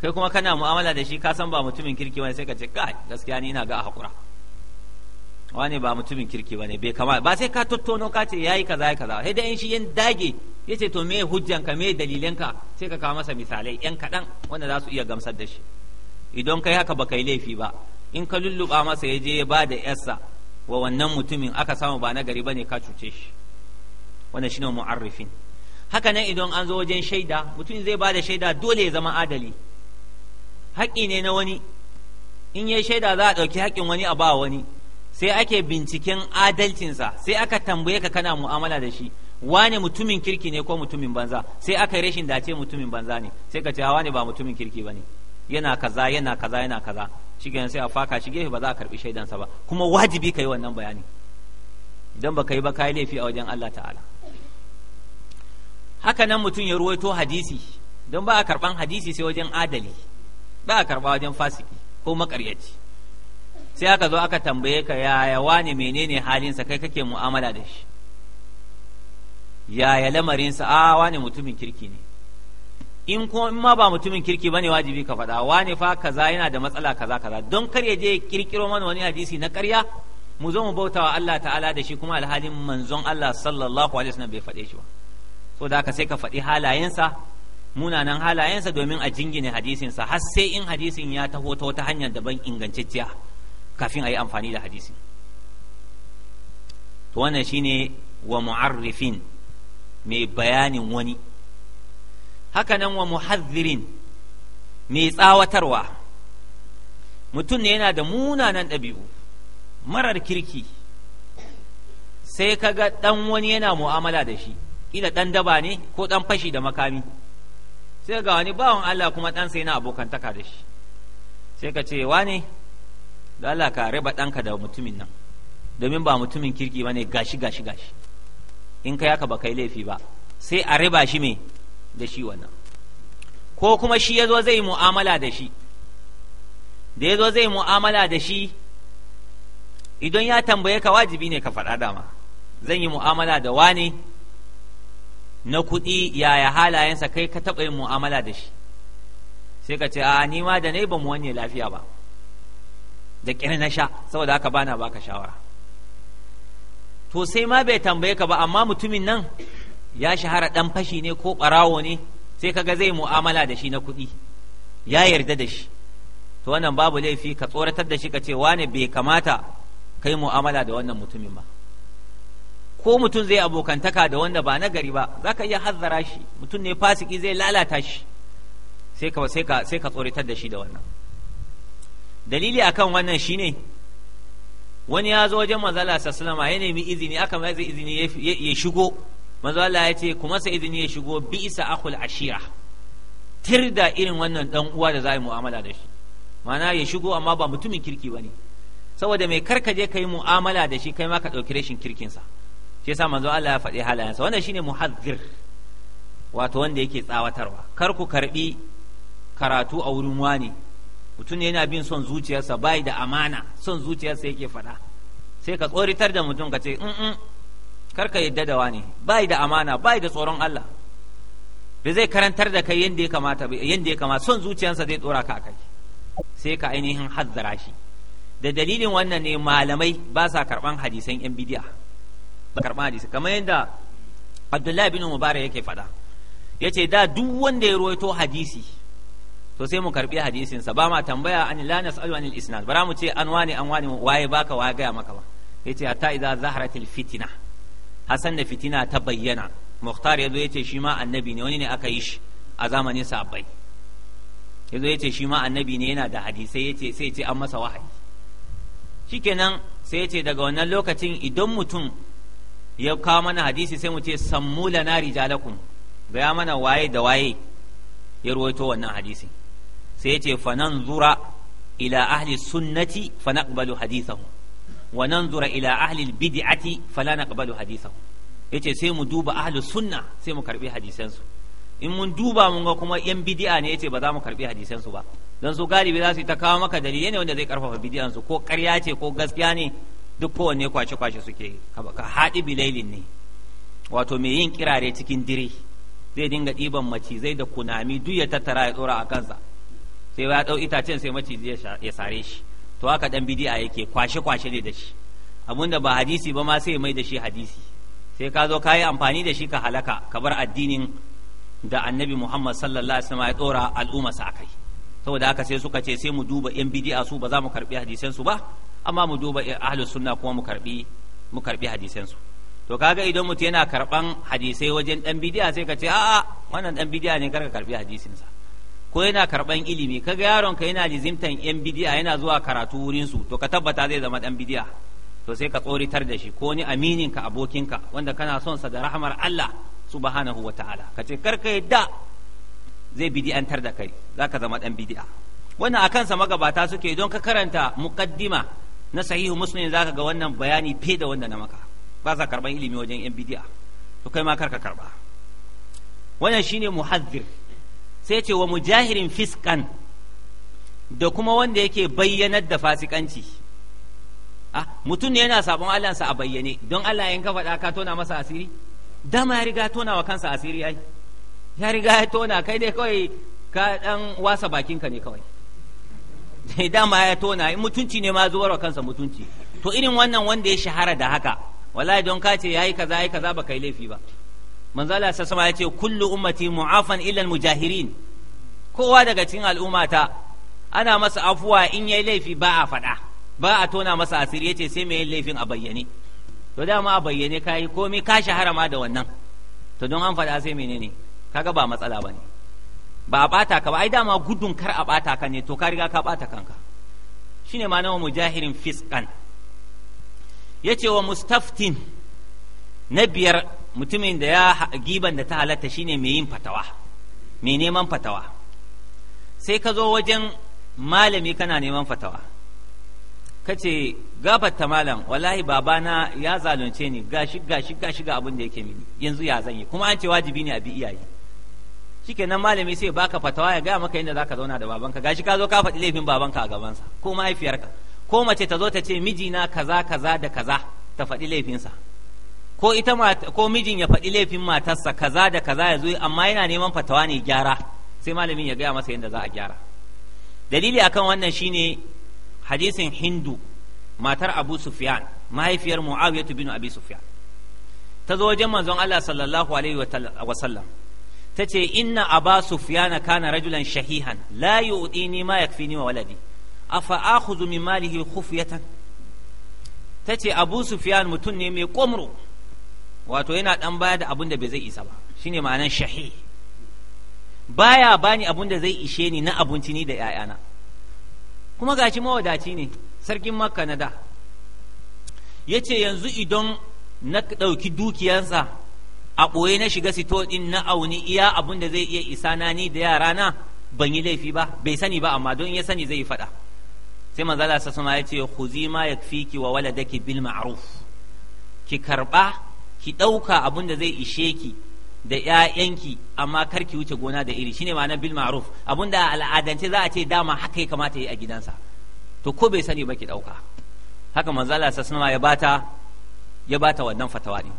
kai kuma kana mu'amala da shi ka san ba mutumin kirki wani sai ka ce kai gaskiya ni ina ga a haƙura wani ba mutumin kirki bane bai kama ba sai ka tottono ka ce yayi kaza yayi kaza sai dai shi yin dage yace to me hujjanka me dalilanka sai ka kawo masa misalai yan kadan wanda za su iya gamsar da shi idan kai haka baka yi laifi ba in ka lulluɓa masa ya je ya ba da ƴarsa wa wannan mutumin aka samu ba na gari bane ka cuce shi wannan shine mu'arrifin haka nan idan an zo wajen shaida mutum zai ba da shaida dole ya zama adali haƙƙi ne na wani in ya shaida za a ɗauki haƙƙin wani a ba wani sai ake binciken adalcinsa sai aka tambaye ka kana mu'amala da shi wane mutumin kirki ne ko mutumin banza sai aka yi rashin dace mutumin banza ne sai ka ce wane ba mutumin kirki ba ne yana kaza yana kaza yana kaza shikenan sai a faka shi gefe ba za a karbi shaidansa ba kuma wajibi kai wannan bayani idan ba kai ba kai laifi a wajen Allah ta'ala haka nan mutum ya ruwaito hadisi don ba a karban hadisi sai wajen adali ba a karba wajen fasiki ko makaryaci sai aka zo aka tambaye ka yaya wane menene halinsa kai kake mu'amala da shi yaya lamarinsa a ah, wane mutumin kirki ne in ko in ma ba mutumin kirki bane wajibi ka faɗa wani fa kaza yana da matsala kaza kaza don kar ya je kirkiro mana wani hadisi na ƙarya mu zo mu bauta wa Allah ta'ala da shi kuma alhalin manzon Allah sallallahu alaihi wasallam bai faɗe shi ba so da ka sai ka faɗi halayensa munanan halayensa domin a jingine hadisin sa har sai in hadisin ya taho ta wata hanyar daban ingantacciya kafin a yi amfani da hadisi to wannan shine wa mu'arrifin mai bayanin wani hakanan wa muhazzirin mai tsawatarwa mutum ne yana da munanan ɗabi'u marar kirki sai ka ga ɗan wani yana mu'amala da shi ƙila ɗan daba ne ko ɗan fashi da makami sai ga wani bawan Allah kuma ɗansa yana abokantaka da shi sai ka ce wane da Allah ka raba ɗanka da mutumin nan domin ba mutumin kirki ba ne gashi gashi gashi in ka yaka ba kai laifi ba sai a riba shi me da shi wannan ko kuma shi ya zo zai mu'amala da shi da ya zo zai mu'amala da shi idan ya tambaye ka wajibi ne ka faɗa dama zan yi mu'amala da wani na kuɗi yaya halayensa kai ka taɓa yin mu'amala da shi sai ka ce a ni ma da ne ba mu wanne lafiya ba da ƙyar na sha saboda haka bana baka shawara to sai ma bai tambaye ka ba amma mutumin nan ya shahara dan fashi ne ko barawo ne sai kaga zai mu'amala da shi na kuɗi ya yarda da shi to wannan babu laifi ka tsoratar da shi ka ce wane bai kamata kai mu'amala da wannan mutumin ba ko mutum zai abokantaka da wanda ba nagari ba za ka iya hazzara shi mutum ne fasiki zai lalata shi sai ka sai ka sai ka tsoratar da shi da wannan dalili akan wannan shine wani ya zo wajen manzala sallama ya nemi izini aka mai izini ya shigo manzo Allah ya ce kuma sai izini ya shigo bi isa akhul ashira tirda irin wannan dan uwa da zai mu'amala da shi ma'ana ya shigo amma ba mutumin kirki bane saboda mai karkaje kai mu'amala da shi kai ma ka dauki rashin kirkin sa shi yasa manzo Allah ya faɗi halayensa wannan shine muhazzir wato wanda yake tsawatarwa kar ku karbi karatu a wurin wani mutum yana bin son zuciyarsa bai da amana son zuciyarsa yake faɗa sai ka tsoritar da mutum ka ce karka yadda da wani bai da amana bai da tsoron Allah ba zai karantar da kai yadda ya kamata yadda ya kamata son zuciyarsa zai tsora ka kai. sai ka ainihin hazzara shi da dalilin wannan ne malamai ba sa karban hadisan yan bidiya ba karban hadisi kamar yadda Abdullahi bin Mubarak yake faɗa yace da duk wanda ya ruwaito hadisi to sai mu karbi hadisin sa ba ma tambaya an la nas'alu anil isnad bara mu ce an wani an wani waye baka waye ga maka ba yace hatta idza zaharatil fitna Hassan da fitina ta bayyana Muktar yazo yace shi ma annabi ne wani ne aka yi shi a zamanin sahabbai yazo yace shi ma annabi ne yana da hadisai yace sai yace an masa wahayi shikenan sai yace daga wannan lokacin idan mutum ya kawo mana hadisi sai mu ce sammu lana rijalakum gaya mana waye da waye ya ruwaito wannan hadisi sai yace fanan zura ila ahli sunnati fa naqbalu hadithahu wa nanzura ila ahli bid'ati fala naqbalu hadithahu yace sai mu duba ahli sunna sai mu karbi hadisan su in mun duba mun ga kuma yan bid'a ne yace ba za mu karbi hadisan su ba dan su galibi za su ta kawo maka dalili ne wanda zai karfafa bid'an su ko ƙarya ce ko gaskiya ne duk kowanne kwace kwace suke ka haɗi bilailin ne wato mai yin kirare cikin dire zai dinga ɗiban macizai da kunami duk ya tattara ya tsora a kansa sai ya ɗau itacen sai maciji ya sare shi to haka dan bidi'a yake kwashe kwashe ne da shi abinda ba hadisi ba ma sai mai da shi hadisi sai ka zo ka yi amfani da shi ka halaka ka bar addinin da annabi Muhammad sallallahu alaihi wasallam ya dora al'umma sa kai saboda haka sai suka ce sai mu duba yan bidi'a su ba za mu karbi hadisan su ba amma mu duba ahlus sunna kuma mu karbi mu karbi hadisan su to kaga idan mutum yana karban hadisai wajen dan bidiya sai ka ce a'a wannan dan bidia ne karka karbi hadisin sa ko yana karɓan ilimi kaga yaronka yana lizimtan yan bidiya yana zuwa karatu wurin su to ka tabbata zai zama ɗan bidiya to sai ka tsoritar da shi ko ni aminin ka abokinka wanda kana son sa da rahmar Allah subhanahu ta'ala ka ce kar ka yadda zai bidi'antar da kai zaka zama ɗan bidiya wannan akan sa magabata suke don ka karanta muqaddima na sahihu muslim zaka ga wannan bayani fe da wanda na maka ba sa karban ilimi wajen yan bidi'a to kai ma kar ka karba wannan shine muhaddir. sai ce wa mujahirin fiskan da kuma wanda yake bayyanar da fasikanci ah mutum ne yana sabon Allahnsa a bayyane don Allah in ka faɗa ka tona masa asiri dama ya riga tona wa kansa asiri ai ya riga ya tona kai dai kawai ka dan wasa bakinka ne kawai dama ya tona mutunci ne ma zuwar wa kansa mutunci to irin wannan wanda ya shahara da haka wallahi don ka ce ya yi kaza yi kaza ba kai laifi ba manzala sassama ya ce kullu ummati mu'afan illan mujahirin kowa daga cikin al'ummata ana masa afuwa in yayi laifi ba a faɗa ba a tona masa asiri yace sai mai laifin a bayyane to dama a bayyane kai komai ka shahara ma da wannan to don an faɗa sai menene kaga ba matsala bane ba a bata ka ba ai dama gudun kar a bata ka ne to ka riga ka bata kanka shine ma nawa mujahirin fiskan yace wa mustaftin na biyar mutumin da ya giban da ta halatta shine mai yin fatawa mai neman fatawa sai ka zo wajen malami kana neman fatawa ka ce gafarta malam wallahi babana ya zalunce ni gashi gashi gashi ga abin da yake mini yanzu ya zan yi kuma an ce wajibi ne a bi iyaye shikenan malami sai baka fatawa ya gaya maka yadda zaka zauna da babanka gashi ka zo ka faɗi laifin babanka a gabansa ko mahaifiyarka ko mace ta zo ta ce mijina kaza kaza da kaza ta faɗi laifinsa ko ita ko mijin ya faɗi laifin matarsa kaza da kaza ya zo amma yana neman fatawa ne gyara sai malamin ya gaya masa yadda za a gyara dalili akan wannan shine hadisin hindu matar abu sufyan mahaifiyar muawiyatu bin abi sufyan ta zo wajen manzon Allah sallallahu alaihi wa sallam ta ce inna aba sufyana kana rajulan shahihan la yu'tini ma yakfini wa waladi afa akhudhu min malihi khufyatan ta ce abu sufyan mutum ne mai komro wato yana ɗan baya da abin da bai zai isa ba shine ma'anan shahi baya bani abin da zai ishe ni na abinci ni da 'ya'yana kuma gashi mawadaci ne sarkin makka na da ya ce yanzu idan na ɗauki dukiyansa a ɓoye na shiga sito ɗin na auni iya abin da zai iya isa na ni da yara na ban yi laifi ba bai sani ba amma don ya sani zai faɗa sai manzala sassama ya ce huzi ma ki wa waladaki bil ma'ruf ki karɓa ki ɗauka abin da zai ishe ki da ‘ya'yanki amma kar ki wuce gona da iri shine ma'ana bil ma'ruf abin da al'adance za a ce dama haka ya kamata yi a gidansa to ko bai sani ba ki ɗauka haka manzala sassanama ya bata ya bata wannan fatawa ne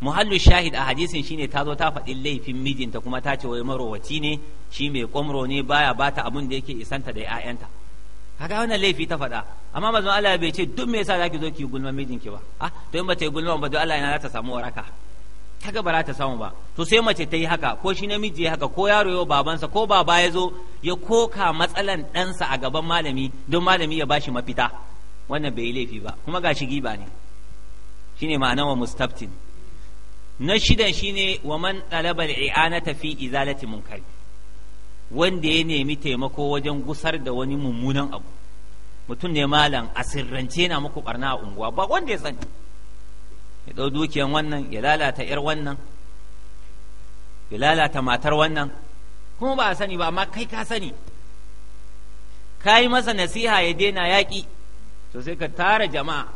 muhallu shahid a hadisin shine ta zo ta faɗi laifin mijinta kuma ta ce wai marowaci ne shi mai ƙwamro ne baya bata abin da yake isanta da ‘ya'yanta kaga wannan laifi ta faɗa amma mazan Allah bai ce duk me yasa za ki zo ki gulma mijinki ba a to in bata yi gulma ba don Allah yana za ta samu waraka kaga ba za ta samu ba to sai mace ta yi haka ko shi namiji ya haka ko yaro ya babansa ko baba ya zo ya koka matsalan ɗansa a gaban malami don malami ya bashi mafita wannan bai yi laifi ba kuma gashi giba ne shine ma'anar wa mustaftin na shidan shine wa man talaba na ianata fi izalati munkari wanda ya nemi taimako wajen gusar da wani mummunan abu mutum ne malam a sirrance na muku barna a unguwa ba wanda ya sani ya ɗau dukiyan wannan ya lalata ‘yar wannan ya lalata matar wannan kuma ba a sani ba amma kai ka sani ka yi masa nasiha ya daina yaƙi to sai ka tara jama'a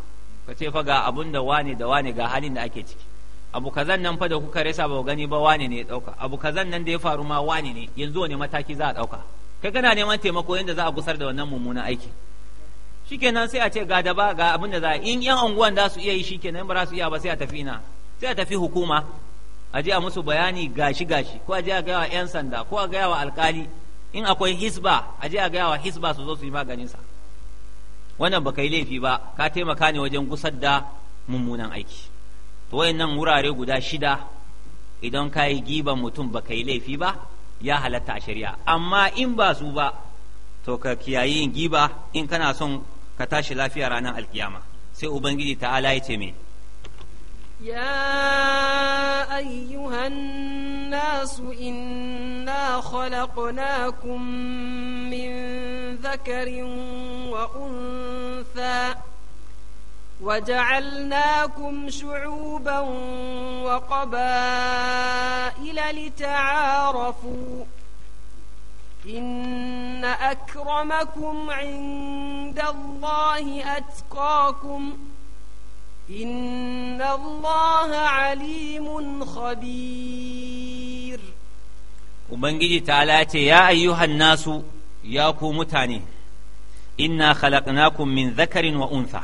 ka ce fa ga abun da wane da wane ga halin da ake ciki abu kazan nan fa da kuka resa ba gani ba wane ne ya dauka abu kazan nan da ya faru ma wane ne yanzu wane mataki za a dauka kai kana neman taimako yanda za a gusar da wannan mummunan aiki shikenan sai a ce ga daba ga abin da za a in yan unguwan za su iya yi shikenan ba za su iya ba sai a tafi ina sai a tafi hukuma a je a musu bayani gashi gashi ko a je a gaya wa yan sanda ko a gaya wa alkali in akwai hisba a je a gaya wa hisba su zo su yi maganin sa wannan baka yi laifi ba ka taimaka ne wajen gusar da mummunan aiki wayannan wurare guda shida idan ka yi giban mutum ba ka yi laifi ba ya halatta a shari'a amma in ba su ba to ka kiyayi yin giba in kana son ka tashi lafiya ranar alkiyama sai ubangiji ta'ala ya ce me يا أيها الناس إنا خلقناكم من ذكر وأنثى وجعلناكم شعوبا وقبائل لتعارفوا إن أكرمكم عند الله أتقاكم إن الله عليم خبير ومنجي تعالى يا أيها الناس قوم متاني إنا خلقناكم من ذكر وأنثى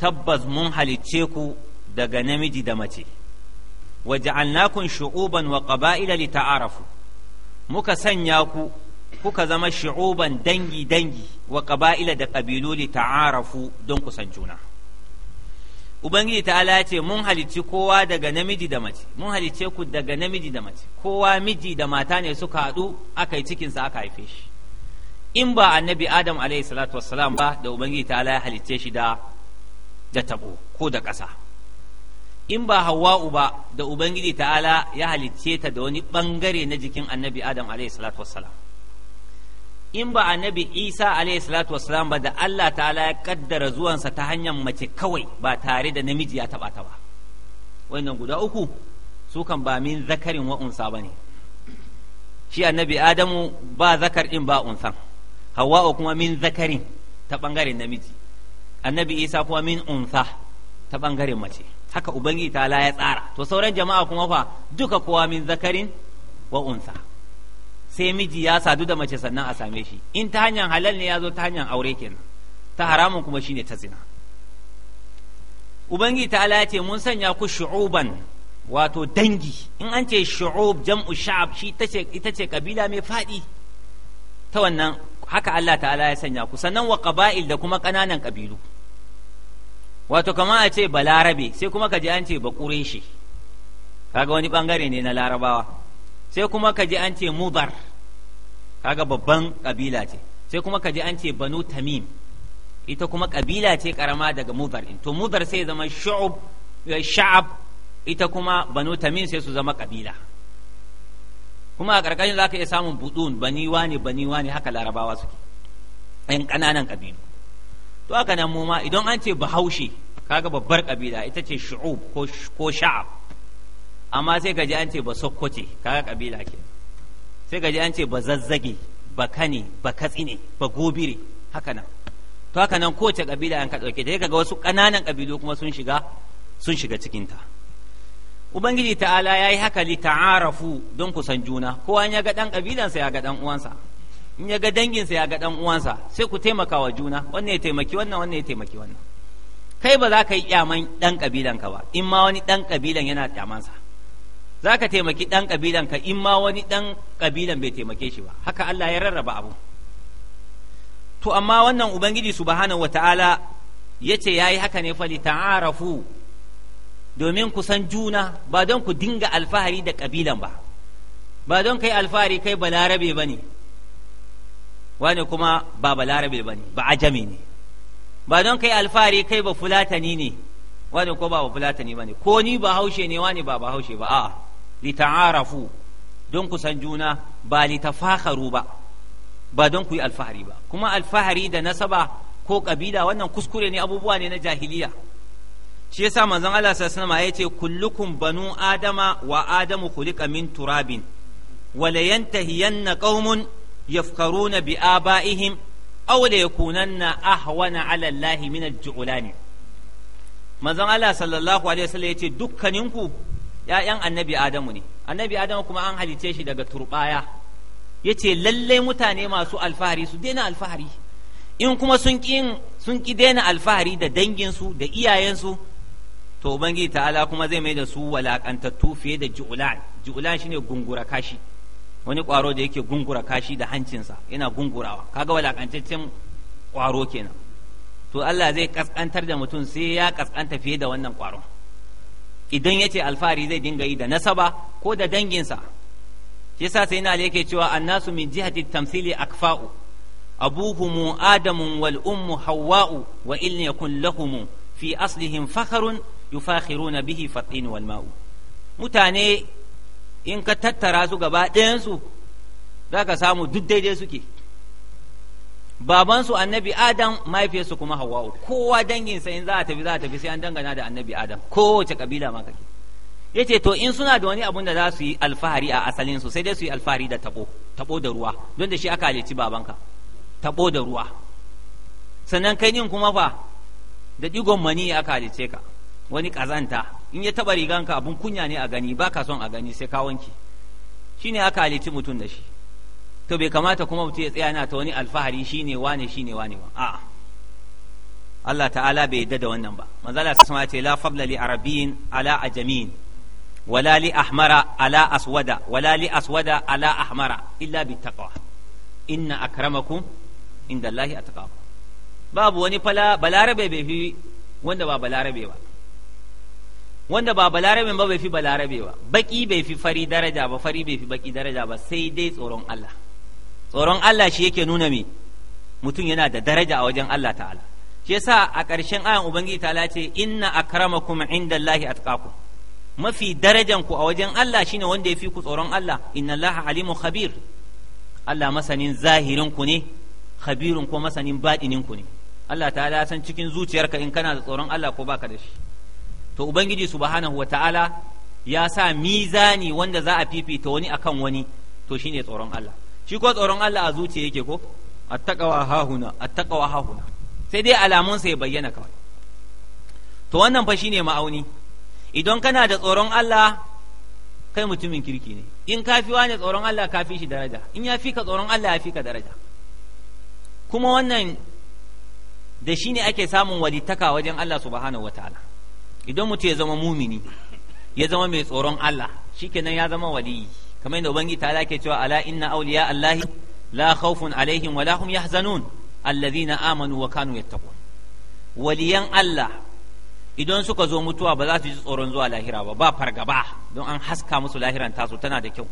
tabbas mun halicce ku daga namiji da mace wa ja'alnakum shu'uban wa qaba'ila li ta'arafu muka sanya ku kuka zama shu'uban dangi dangi wa qaba'ila da qabilu li ta'arafu don ku san juna ubangiji ta'ala ya ce mun halicci kowa daga namiji da mace mun halicce ku daga namiji da mace kowa miji da mata ne suka haɗu aka yi cikinsa aka haife shi in ba annabi adam alaihi salatu wassalam ba da ubangiji ta Ala ya halicce shi da da tabo ko da ƙasa in ba hawa'u ba da ubangiji ta'ala ya halicce ta da wani ɓangare na jikin annabi adam alayhi in ba annabi isa alayhi ba da allah ta'ala ya ƙaddara zuwansa ta hanyar mace kawai ba tare da namiji ya taɓa ta ba wannan guda uku su kan ba min zakarin wa ba ne shi annabi adamu ba zakar din ba unsan hawa'u kuma min zakarin ta ɓangaren namiji annabi isa kuma min unsa ta bangaren mace haka ubangiji ta ya tsara to sauran jama'a kuma fa duka kowa min zakarin wa unsa sai miji ya sadu da mace sannan a same shi in ta hanyar halal ne ya zo ta hanyar aure kenan ta haramun kuma shine ta zina ubangiji ta ya ce mun sanya ku shu'uban wato dangi in an ce shu'ub jam'u sha'ab shi ita ce kabila mai faɗi ta wannan haka Allah ta'ala ya sanya ku sannan wa qaba'il da kuma ƙananan ƙabilu wato kama a ce balarabe sai kuma ka ji an ce bakure shi kaga wani bangare ne na larabawa sai kuma ka ji an ce mudar kaga babban kabila ce sai kuma ka ji an ce banu tamim ita kuma kabila ce karama daga Mubar in to Mubar sai zama shu'ub eh, sha'ab ita kuma banu tamim sai su zama kabila kuma a ƙarƙashin za ka iya samun butsun baniwa ne baniwa ne haka larabawa suke yan ƙananan ƙabilu to haka nan mu ma idan an ce bahaushe kaga babbar ƙabila ita ce shu'ub ko sha'ab amma sai ka ji an ce ba sokkoce kaga ƙabila ke sai ka ji an ce ba zazzage ba kane ba katsine ba gobire haka nan to haka nan kowace ƙabila an ka ɗauke ta sai kaga ga wasu ƙananan ƙabilu kuma sun shiga sun shiga cikinta ubangiji ta'ala ya yi haka li ta'arafu don ku san juna kowa ya ga dan kabilansa ya ga dan uwansa in ya ga danginsa ya ga dan uwansa sai ku taimaka wa juna wannan ya taimaki wannan wannan ya taimaki wannan kai ba za ka yi kyaman dan kabilanka ba in ma wani dan kabilan yana kyamansa za ka taimaki ɗan ƙabilanka in ma wani ɗan ƙabilan bai taimake shi ba haka Allah ya rarraba abu to amma wannan ubangiji subhanahu wata'ala ya ce ya yi haka ne fa li ta'arafu domin ku san juna ba don ku dinga alfahari da ƙabilan ba ba don kai alfahari kai balarabe ba ne wani kuma ba balarabe ba ne ba ajami ne ba don kai alfahari kai ba fulatani ne wani ko ba ba fulatani ba ne ko ni ba haushe ne wani ba ba haushe ba a'a li ta'arafu don ku san juna ba li tafakharu ba ba don ku yi alfahari ba kuma alfahari da nasaba ko ƙabila wannan kuskure ne abubuwa ne na jahiliya shi yasa manzon Allah sallallahu alaihi yace kullukum banu adama wa adamu khuliqa min turabin wa la yantahiyanna qaumun yafkaruna bi abaihim aw la yakunanna ahwana ala Allah min al ne. manzon Allah sallallahu alaihi wasallam yace dukkaninku ya'yan annabi adamu ne annabi adamu kuma an halice shi daga turbaya yace lalle mutane masu alfahari su daina alfahari in kuma sun ƙi sun daina alfahari da danginsu da iyayensu to ubangiji ta'ala kuma zai mai da su walakantattu fiye da ju'lan ju'lan shine gungura kashi wani kwaro da yake gungura kashi da hancinsa yana gungurawa kaga walakantaccen kwaro kenan to Allah zai kaskantar da mutum sai ya kaskanta fiye da wannan kwaro idan ya ce alfahari zai dinga yi da nasaba ko da danginsa shi yasa sai na yake cewa annasu min jihati tamsili akfa'u Abuhu adamun wal ummu hawwa'u wa in yakun lahumu fi aslihim fakarun. yufakhiruna bihi fatin wal mutane in ka tattara su gaba ɗayansu za ka samu duk daidai suke babansu annabi adam mahaifiyarsu kuma hawa'u kowa danginsa in za a tafi sai an dangana da annabi adam kowace kabila ma kake ya to in suna da wani abun da za su yi alfahari a asalinsu sai dai su yi alfahari da tabo tabo da ruwa don da shi aka halici babanka tabo da ruwa sannan kai din kuma fa da digon mani aka halice ka wani kazanta in ya taba riganka abun kunya ne a gani ba ka son a gani sai ka wanke shine aka halitti mutum da shi to bai kamata kuma mutum ya tsaya na ta wani alfahari shine wane shine wane ba a'a Allah ta'ala bai yadda da wannan ba manzala sa sama ce la fabla li arabiyyin ala ajamin wala li ahmara ala aswada wala li aswada ala ahmara illa bi taqwa inna akramakum indallahi atqakum babu wani fala balarabe bai fi wanda ba balarabe ba wanda ba balarabe ba bai fi balarabe ba baki bai fi fari daraja ba fari bai fi baki daraja ba sai dai tsoron Allah tsoron Allah shi yake nuna me mutum yana da daraja a wajen Allah ta'ala shi yasa a ƙarshen ayan ubangiji ta'ala ce inna akramakum indallahi atqakum mafi darajan ku a wajen Allah shine wanda ya fi ku tsoron Allah inna Allah alimun khabir Allah masanin zahirin ku ne khabirun ko masanin baɗinin ku ne Allah ta'ala san cikin zuciyarka in kana da tsoron Allah ko baka da shi to ubangiji subhanahu taala ya sa mizani wanda za a fifita wani akan wani to shine tsoron Allah shi ko tsoron Allah a zuciya yake ko attaqwa hahuna attaqwa hahuna sai dai alamun sa ya bayyana kawai to wannan fa shine ma'auni idan kana da tsoron Allah kai mutumin kirki ne in kafiwa wani tsoron Allah kafi shi daraja in ya fika tsoron Allah ya fika daraja kuma wannan da shi ne ake samun walitaka wajen Allah subhanahu taala. idan mutum ya zama mumini ya zama mai tsoron Allah shikenan ya zama waliyi kamar yadda ubangi ta ke cewa ala inna awliya allahi la khawfun alaihim wa lahum yahzanun alladhina amanu wa kanu yattaqun waliyan Allah idan suka zo mutuwa ba za su ji tsoron zuwa lahira ba ba fargaba don an haska musu lahiran tasu tana da kyau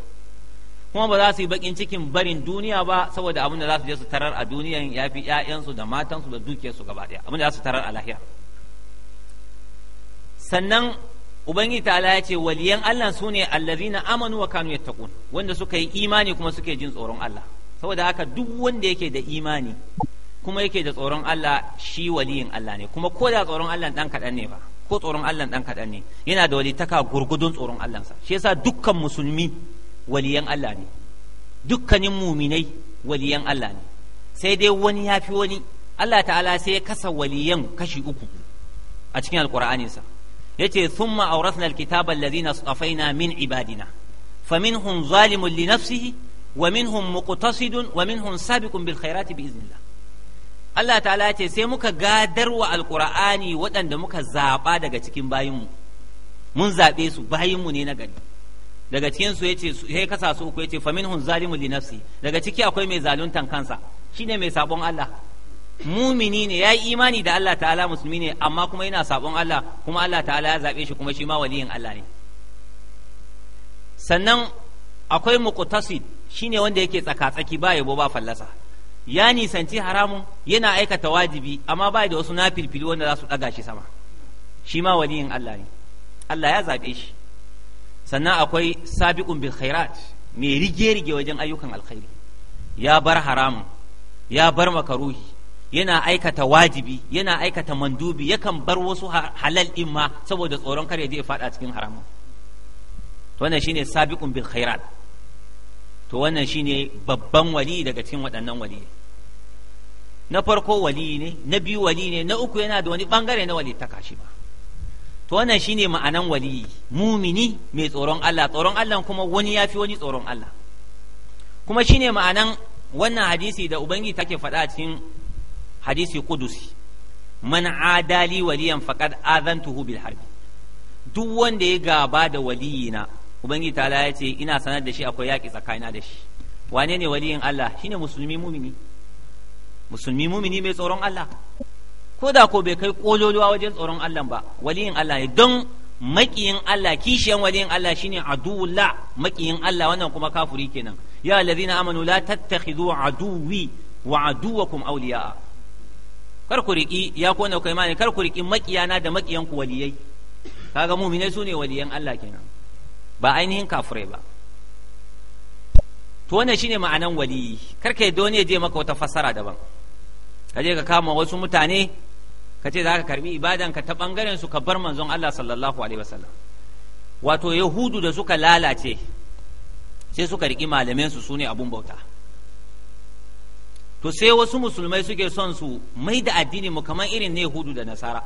kuma ba za su yi bakin cikin barin duniya ba saboda abin da za su je su tarar a duniyan ya fi 'ya'yansu da matansu da dukiyarsu gaba ɗaya abin da za su tarar a lahira sannan ubangiji ta'ala ya ce waliyan Allah su ne na amanu wa kanu yattaqun wanda suka yi imani kuma suke jin tsoron Allah saboda haka duk wanda yake da imani kuma yake da tsoron Allah shi waliyin Allah ne kuma ko da tsoron Allah dan kadan ne ba ko tsoron Allah dan kadan ne yana da walitaka gurgudun tsoron Allah sa shi yasa dukkan musulmi waliyan Allah ne dukkanin muminai waliyan Allah ne sai dai wani ya fi wani Allah ta'ala sai ya kasa waliyan kashi uku a cikin sa. yace thumma awrathna alkitaba alladhina astafaina min ibadina faminhum zalimun li nafsihi wa minhum muqtasidun wa minhum sabiqun bil khairati bi Allah ta'ala yace sai muka gadarwa alqur'ani waɗanda muka zaba daga cikin bayinmu mun zabe su bayinmu ne na gari daga cikin su yace sai kasa su uku yace faminhum zalimun li daga ciki akwai mai zaluntan kansa shine mai sabon Allah mumini ne ya yi imani da Allah ta'ala musulmi ne amma kuma yana sabon Allah kuma Allah ta'ala ya zaɓe shi kuma shi ma waliyin Allah ne sannan akwai muqtasid shine wanda yake tsaka-tsaki ba yabo ba fallasa ya nisanci haramun yana aikata wajibi amma ba da wasu nafilfili wanda za su ɗaga shi sama shi ma waliyin Allah ne Allah ya zaɓe shi sannan akwai sabiqun bil khairat mai rige-rige wajen ayyukan alkhairi ya bar haramun ya bar makaruhi yana aikata wajibi yana aikata mandubi yakan bar wasu halal din ma saboda tsoron kar ya je fada cikin haramun to wannan shine sabiqun bil khairat to wannan shine babban wali daga cikin waɗannan wali na farko wali ne na biyu wali ne na uku yana da wani bangare na wali ta kashi ba to wannan shine ma'anan wali mumini mai tsoron Allah tsoron Allah kuma wani yafi wani tsoron Allah kuma shine ma'anan wannan hadisi da ubangi take faɗa cikin hadisi kudusi man adali waliyan faqad azantuhu bil harbi duk wanda ya gaba da waliyina ubangiji ta ya ce ina sanar da shi akwai yaƙi tsakanina da shi wane ne waliyin Allah shine musulmi mumini musulmi mumini mai tsoron Allah ko da ko bai kai kololuwa wajen tsoron Allah ba waliyin Allah ne don makiyin Allah kishiyan waliyin Allah shine aduwullah makiyin Allah wannan kuma kafuri kenan ya allazina amanu la tattakhidhu aduwi wa aduwakum awliya'a kar ku riƙi ya kona ku imani kar ku riƙi na da maƙiyan ku waliyai kaga mu'minai sune waliyan Allah kenan ba ainihin kafirai ba to wannan shine ma'anan waliyi kar ka yadda wani ya je maka wata fassara daban ka je ka kama wasu mutane ka ce za ka karbi ibadan ka ta bangaren su ka bar manzon Allah sallallahu alaihi wasallam wato yahudu da suka lalace sai suka riƙi malamai su sune abun bauta to sai wasu musulmai suke son su mai da addini mu kamar irin ne hudu da nasara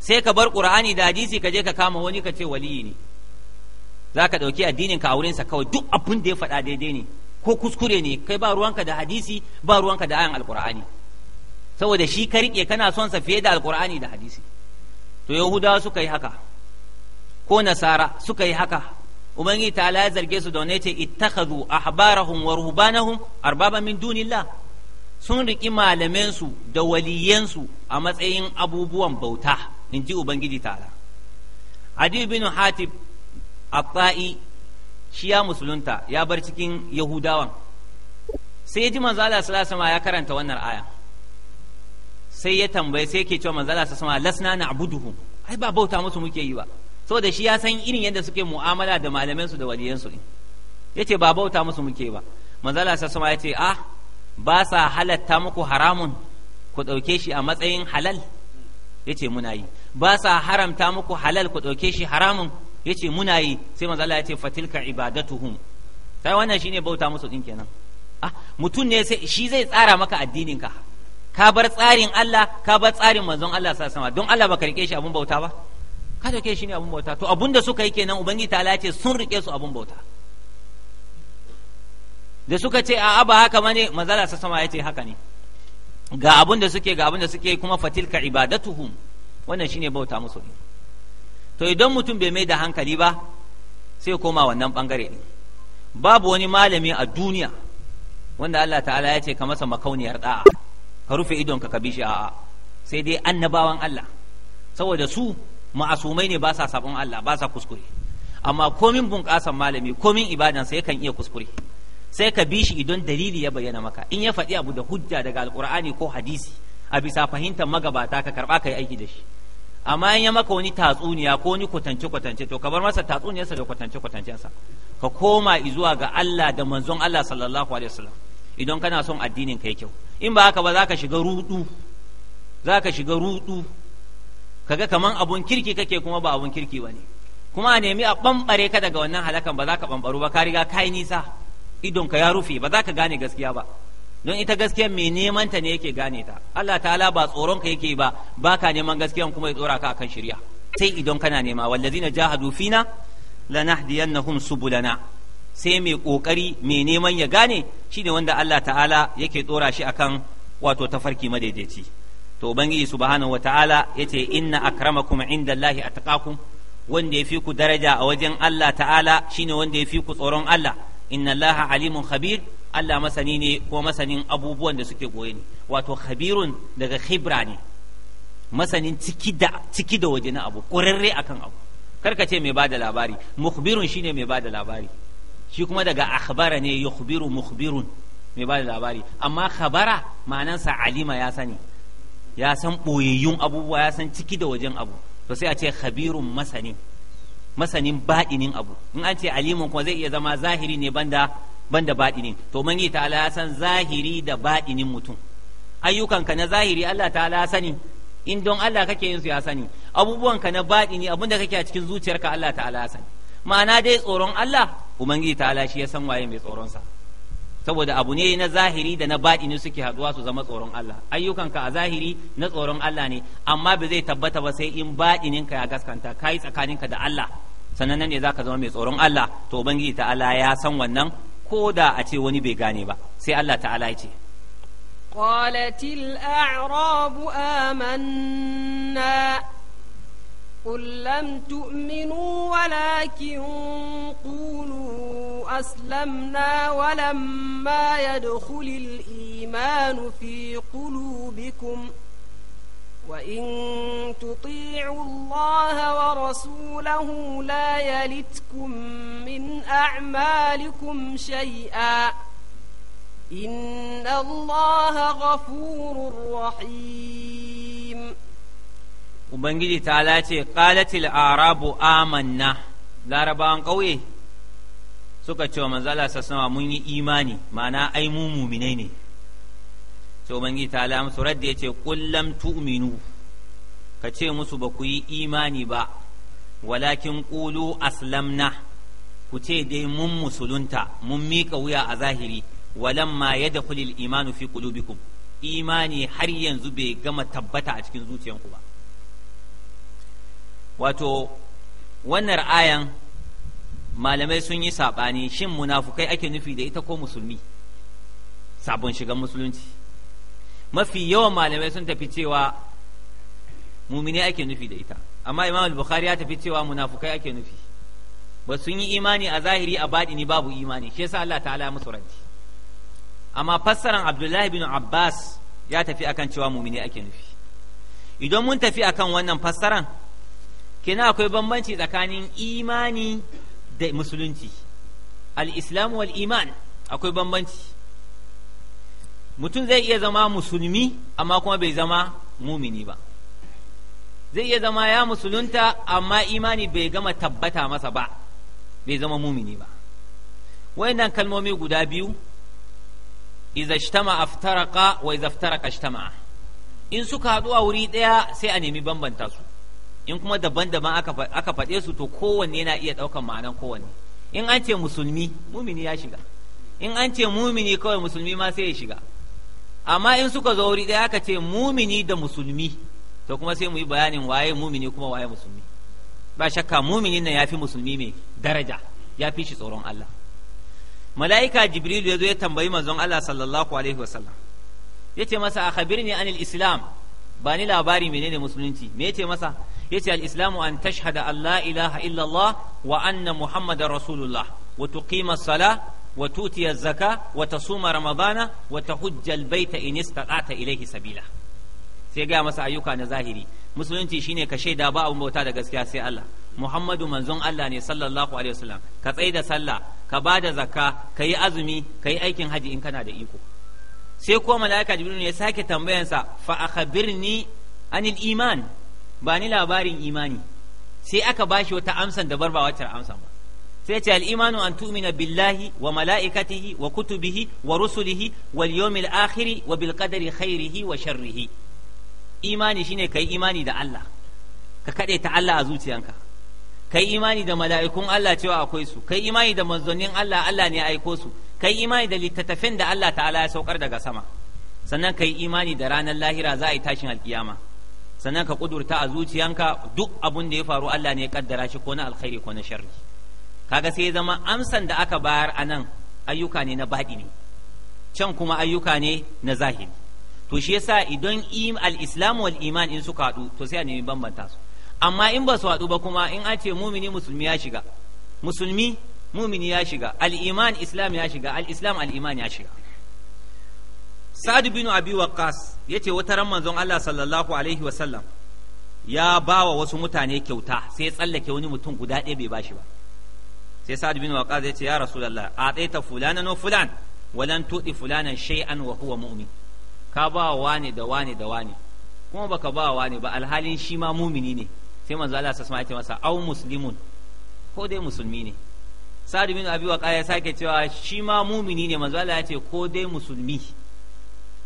sai ka bar qur'ani da hadisi ka je ka kama wani ka ce waliyi ne za ka ɗauki addinin ka a wurinsa kawai duk abin da ya faɗa daidai ne ko kuskure ne kai ba ruwanka da hadisi ba ruwanka da ayan alqur'ani saboda shi ka riƙe kana son sa fiye da alqur'ani da hadisi to yahudawa suka yi haka ko nasara suka yi haka ubangi ta ala zarge su da wani ce ittakhadhu ahbarahum wa ruhbanahum arbaba min dunillah sun riki malamen su da waliyen su a matsayin abubuwan bauta inji ubangiji ta'ala adi bin hatib at-ta'i shi ya musulunta ya bar cikin yahudawan sai ya ji manzo Allah sallallahu alaihi ya karanta wannan aya sai ya tambaye sai yake cewa manzo Allah sallallahu alaihi lasna na'buduhum ai ba bauta musu muke yi ba So da shi ya san irin yadda suke mu'amala da malaman su da waliyan su yace ba bauta musu muke ba manzala sa sama yace ah ba sa halatta muku haramun ku dauke shi a matsayin halal yace muna yi ba sa haramta muku halal ku dauke shi haramun yace muna yi sai manzala yace fatilka ibadatuhum sai wannan shine bauta musu din kenan ah mutum ne sai shi zai tsara maka addinin ka ka bar tsarin Allah ka bar tsarin manzon Allah sa sama don Allah baka rike shi abun bauta ba kada shi ne abin bauta to abun da suka yi kenan ubangiji ta ce sun rike su abun bauta da suka ce a ba haka ne mazala sa sama ya ce haka ne ga abun da suke ga abun da suke kuma fatilka ibadatuhum wannan shine bauta musu to idan mutum bai mai da hankali ba sai koma wannan bangare din babu wani malami a duniya wanda Allah ta'ala ya ce ka masa makauniyar da'a ka rufe idonka ka bishi a'a sai dai annabawan Allah saboda su ma'asumai ne ba sa sabon Allah ba sa kuskure amma komin bunƙasan malami komin ibadansa kan iya kuskure sai ka bi shi idan dalili ya bayyana maka in ya faɗi abu da hujja daga alƙur'ani ko hadisi a bisa fahimtar magabata ka karɓa ka yi aiki da shi amma in ya maka wani tatsuniya ko wani kwatance kwatance to ka bar masa tatsuniyarsa da kwatance kwatancensa ka koma zuwa ga Allah da manzon Allah sallallahu alaihi wasallam idan kana son addinin ka kyau in ba haka ba za ka shiga rudu za ka shiga rudu kaga kaman abun kirki kake kuma ba abun kirki ba ne kuma a nemi a bambare ka daga wannan halakan ba za ka bambaru ba ka riga ka yi nisa idonka ya rufe ba za ka gane gaskiya ba don ita gaskiya mai neman ta ne yake gane ta Allah ta'ala ba tsoron ka yake ba ka neman gaskiyan kuma ya tsora ka akan shirya sai idan kana nema wallazina jahadu fina lanahdiyannahum subulana sai mai kokari mai neman ya gane shine wanda Allah ta'ala yake tsora shi akan wato tafarki madaidaici to ubangiji subhanahu wataala yace inna akramakum indallahi atqakum wanda ya fi ku daraja a wajen Allah ta'ala shine wanda ya fi ku tsoron Allah inna Allah alimun khabir Allah masani ne ko masanin abubuwan da suke goye ne wato khabirun daga khibra ne masanin ciki da ciki da waje na abu ƙurarre akan abu karka ce mai bada labari mukhbirun shine mai bada labari shi kuma daga akhbara ne yukhbiru mukhbirun mai bada labari amma khabara ma'anansa alima ya sani ya san ɓoyayyun abubuwa ya san ciki da wajen abu to sai a ce khabirun masani masanin baɗinin abu in an ce alimun kuma zai iya zama zahiri ne banda banda baɗinin to mangi ta'ala ya san zahiri da baɗinin mutum ayyukanka na zahiri Allah ta'ala ya sani in don Allah kake yin su ya sani abubuwanka na baɗini abinda kake a cikin zuciyarka Allah ta'ala ya sani ma'ana dai tsoron Allah ubangiji ta'ala shi ya san waye mai tsoron sa saboda abu ne na zahiri da na baɗi ne suke haɗuwa su zama tsoron Allah ayyukanka a zahiri na tsoron Allah ne amma ba zai tabbata ba sai in baɗininka ya gaskanta kai tsakaninka da Allah sannan nan ne zaka zama mai tsoron Allah to ubangiji Allah ya san wannan ko da a ce wani bai gane ba sai Allah ta'ala ya ce qalatil الأعراب amanna. قل لم تؤمنوا ولكن قولوا أسلمنا ولما يدخل الإيمان في قلوبكم وإن تطيعوا الله ورسوله لا يلتكم من أعمالكم شيئا إن الله غفور رحيم ubangiji ta ce qalatil arabu amanna larabawan ƙauye suka ce wa manzala sassama mun yi imani ma'ana ai mu muminai ne sai ubangiji ta ala musu radda ya ce kullum tu'minu ka ce musu ba ku yi imani ba walakin kulu aslamna ku ce dai mun musulunta mun miƙa wuya a zahiri walamma kulil imanu fi qulubikum imani har yanzu bai gama tabbata a cikin zuciyanku ba wato wannan ra'ayan malamai sun yi saɓani shin munafukai ake nufi da ita ko musulmi sabon shigan musulunci mafi yawan malamai sun tafi cewa mumini ake nufi da ita amma imam al-bukhari ya tafi cewa munafukai ake nufi ba sun yi imani a zahiri a baɗini babu imani shi yasa Allah ta'ala musu ranci amma fassaran abdullahi bin abbas ya tafi akan cewa mumini ake nufi idan mun tafi akan wannan fassaran Kina akwai bambanci tsakanin imani da musulunci al-islam wal iman akwai bambanci mutum zai iya zama musulmi amma kuma bai zama mumini ba zai iya zama ya musulunta amma imani bai gama tabbata masa ba bai zama mumini ba wayannan kalmomi guda biyu iza shtama aftaraka wa iza aftaraka shtama in suka haɗu a wuri ɗaya sai a nemi bambanta su in kuma daban-daban aka faɗe su to kowanne na iya ɗaukan ma'anan kowanne in an ce musulmi mumini ya shiga in an ce mumini kawai musulmi ma sai ya shiga amma in suka zo wuri ɗaya aka ce mumini da musulmi to kuma sai mu yi bayanin waye mumini kuma waye musulmi ba shakka mumini nan ya fi musulmi mai daraja ya fi shi tsoron Allah mala'ika jibrilu ya zo ya tambayi manzon Allah sallallahu alaihi wasallam ya ce masa a khabirni anil islam ba ni labari menene musulunci me ya ce masa yace al-islamu an tashhada an la ilaha illallah wa anna muhammadar rasulullah wa tuqima sala wa tuti zaka wa tasuma ramadana wa tahujja al-baita in istata'ta ilayhi sabila sai ga masa ayyuka na zahiri musulunci shine ka shaida ba abun bauta da gaskiya sai Allah Muhammadu manzon Allah ne sallallahu alaihi wasallam ka tsaida sallah ka bada zakka ka yi azumi ka yi aikin haji in kana da iko sai ko mala'ika jibril ya sake tambayansa fa akhbirni anil iman ba ni labarin imani sai aka bashi wata amsan da barba wacce amsan ba sai ce al'imanu an tumina billahi wa mala'ikatihi wa kutubihi wa rusulihi wal yawmil akhiri wa bil qadari khairihi wa sharrihi imani shine kai imani da Allah ka kade ta Allah a zuciyanka kai imani da mala'ikun Allah cewa akwai su kai imani da manzonin Allah Allah ne aiko su kai imani da littattafin da Allah ta'ala ya saukar daga sama sannan kai imani da ranar lahira za a yi tashin alkiyama sannan ka kudurta a zuciyanka duk abun da ya faru Allah ne ya kaddara shi ko na alkhairi ko na sharri kaga sai zama amsan da aka bayar a nan ayyuka ne na baɗi ne can kuma ayyuka ne na zahiri to shi yasa idan al-islam wal iman in suka haɗu to sai a nemi bambanta su amma in ba su haɗu ba kuma in an ce mumini musulmi ya shiga musulmi mumini ya shiga al-iman islam ya shiga al-islam al-iman ya shiga sa'ad bin abi waqas yace wata ran manzon Allah sallallahu alaihi wasallam ya bawa wasu mutane kyauta sai ya tsallake wani mutum guda ɗaya bai bashi ba sai sa'ad bin waqas yace ya rasulullah a ta fulana wa fulan walan tudi fulanan shay'an wa huwa mu'min ka ba wani da wani da wani kuma baka ba wani ba alhalin shi ma mumini ne sai manzo Allah sallallahu alaihi wasallam ya ce masa au muslimun ko dai musulmi ne sa'ad bin abi waqas ya sake cewa shi ma mumini ne manzo Allah ya ce ko dai musulmi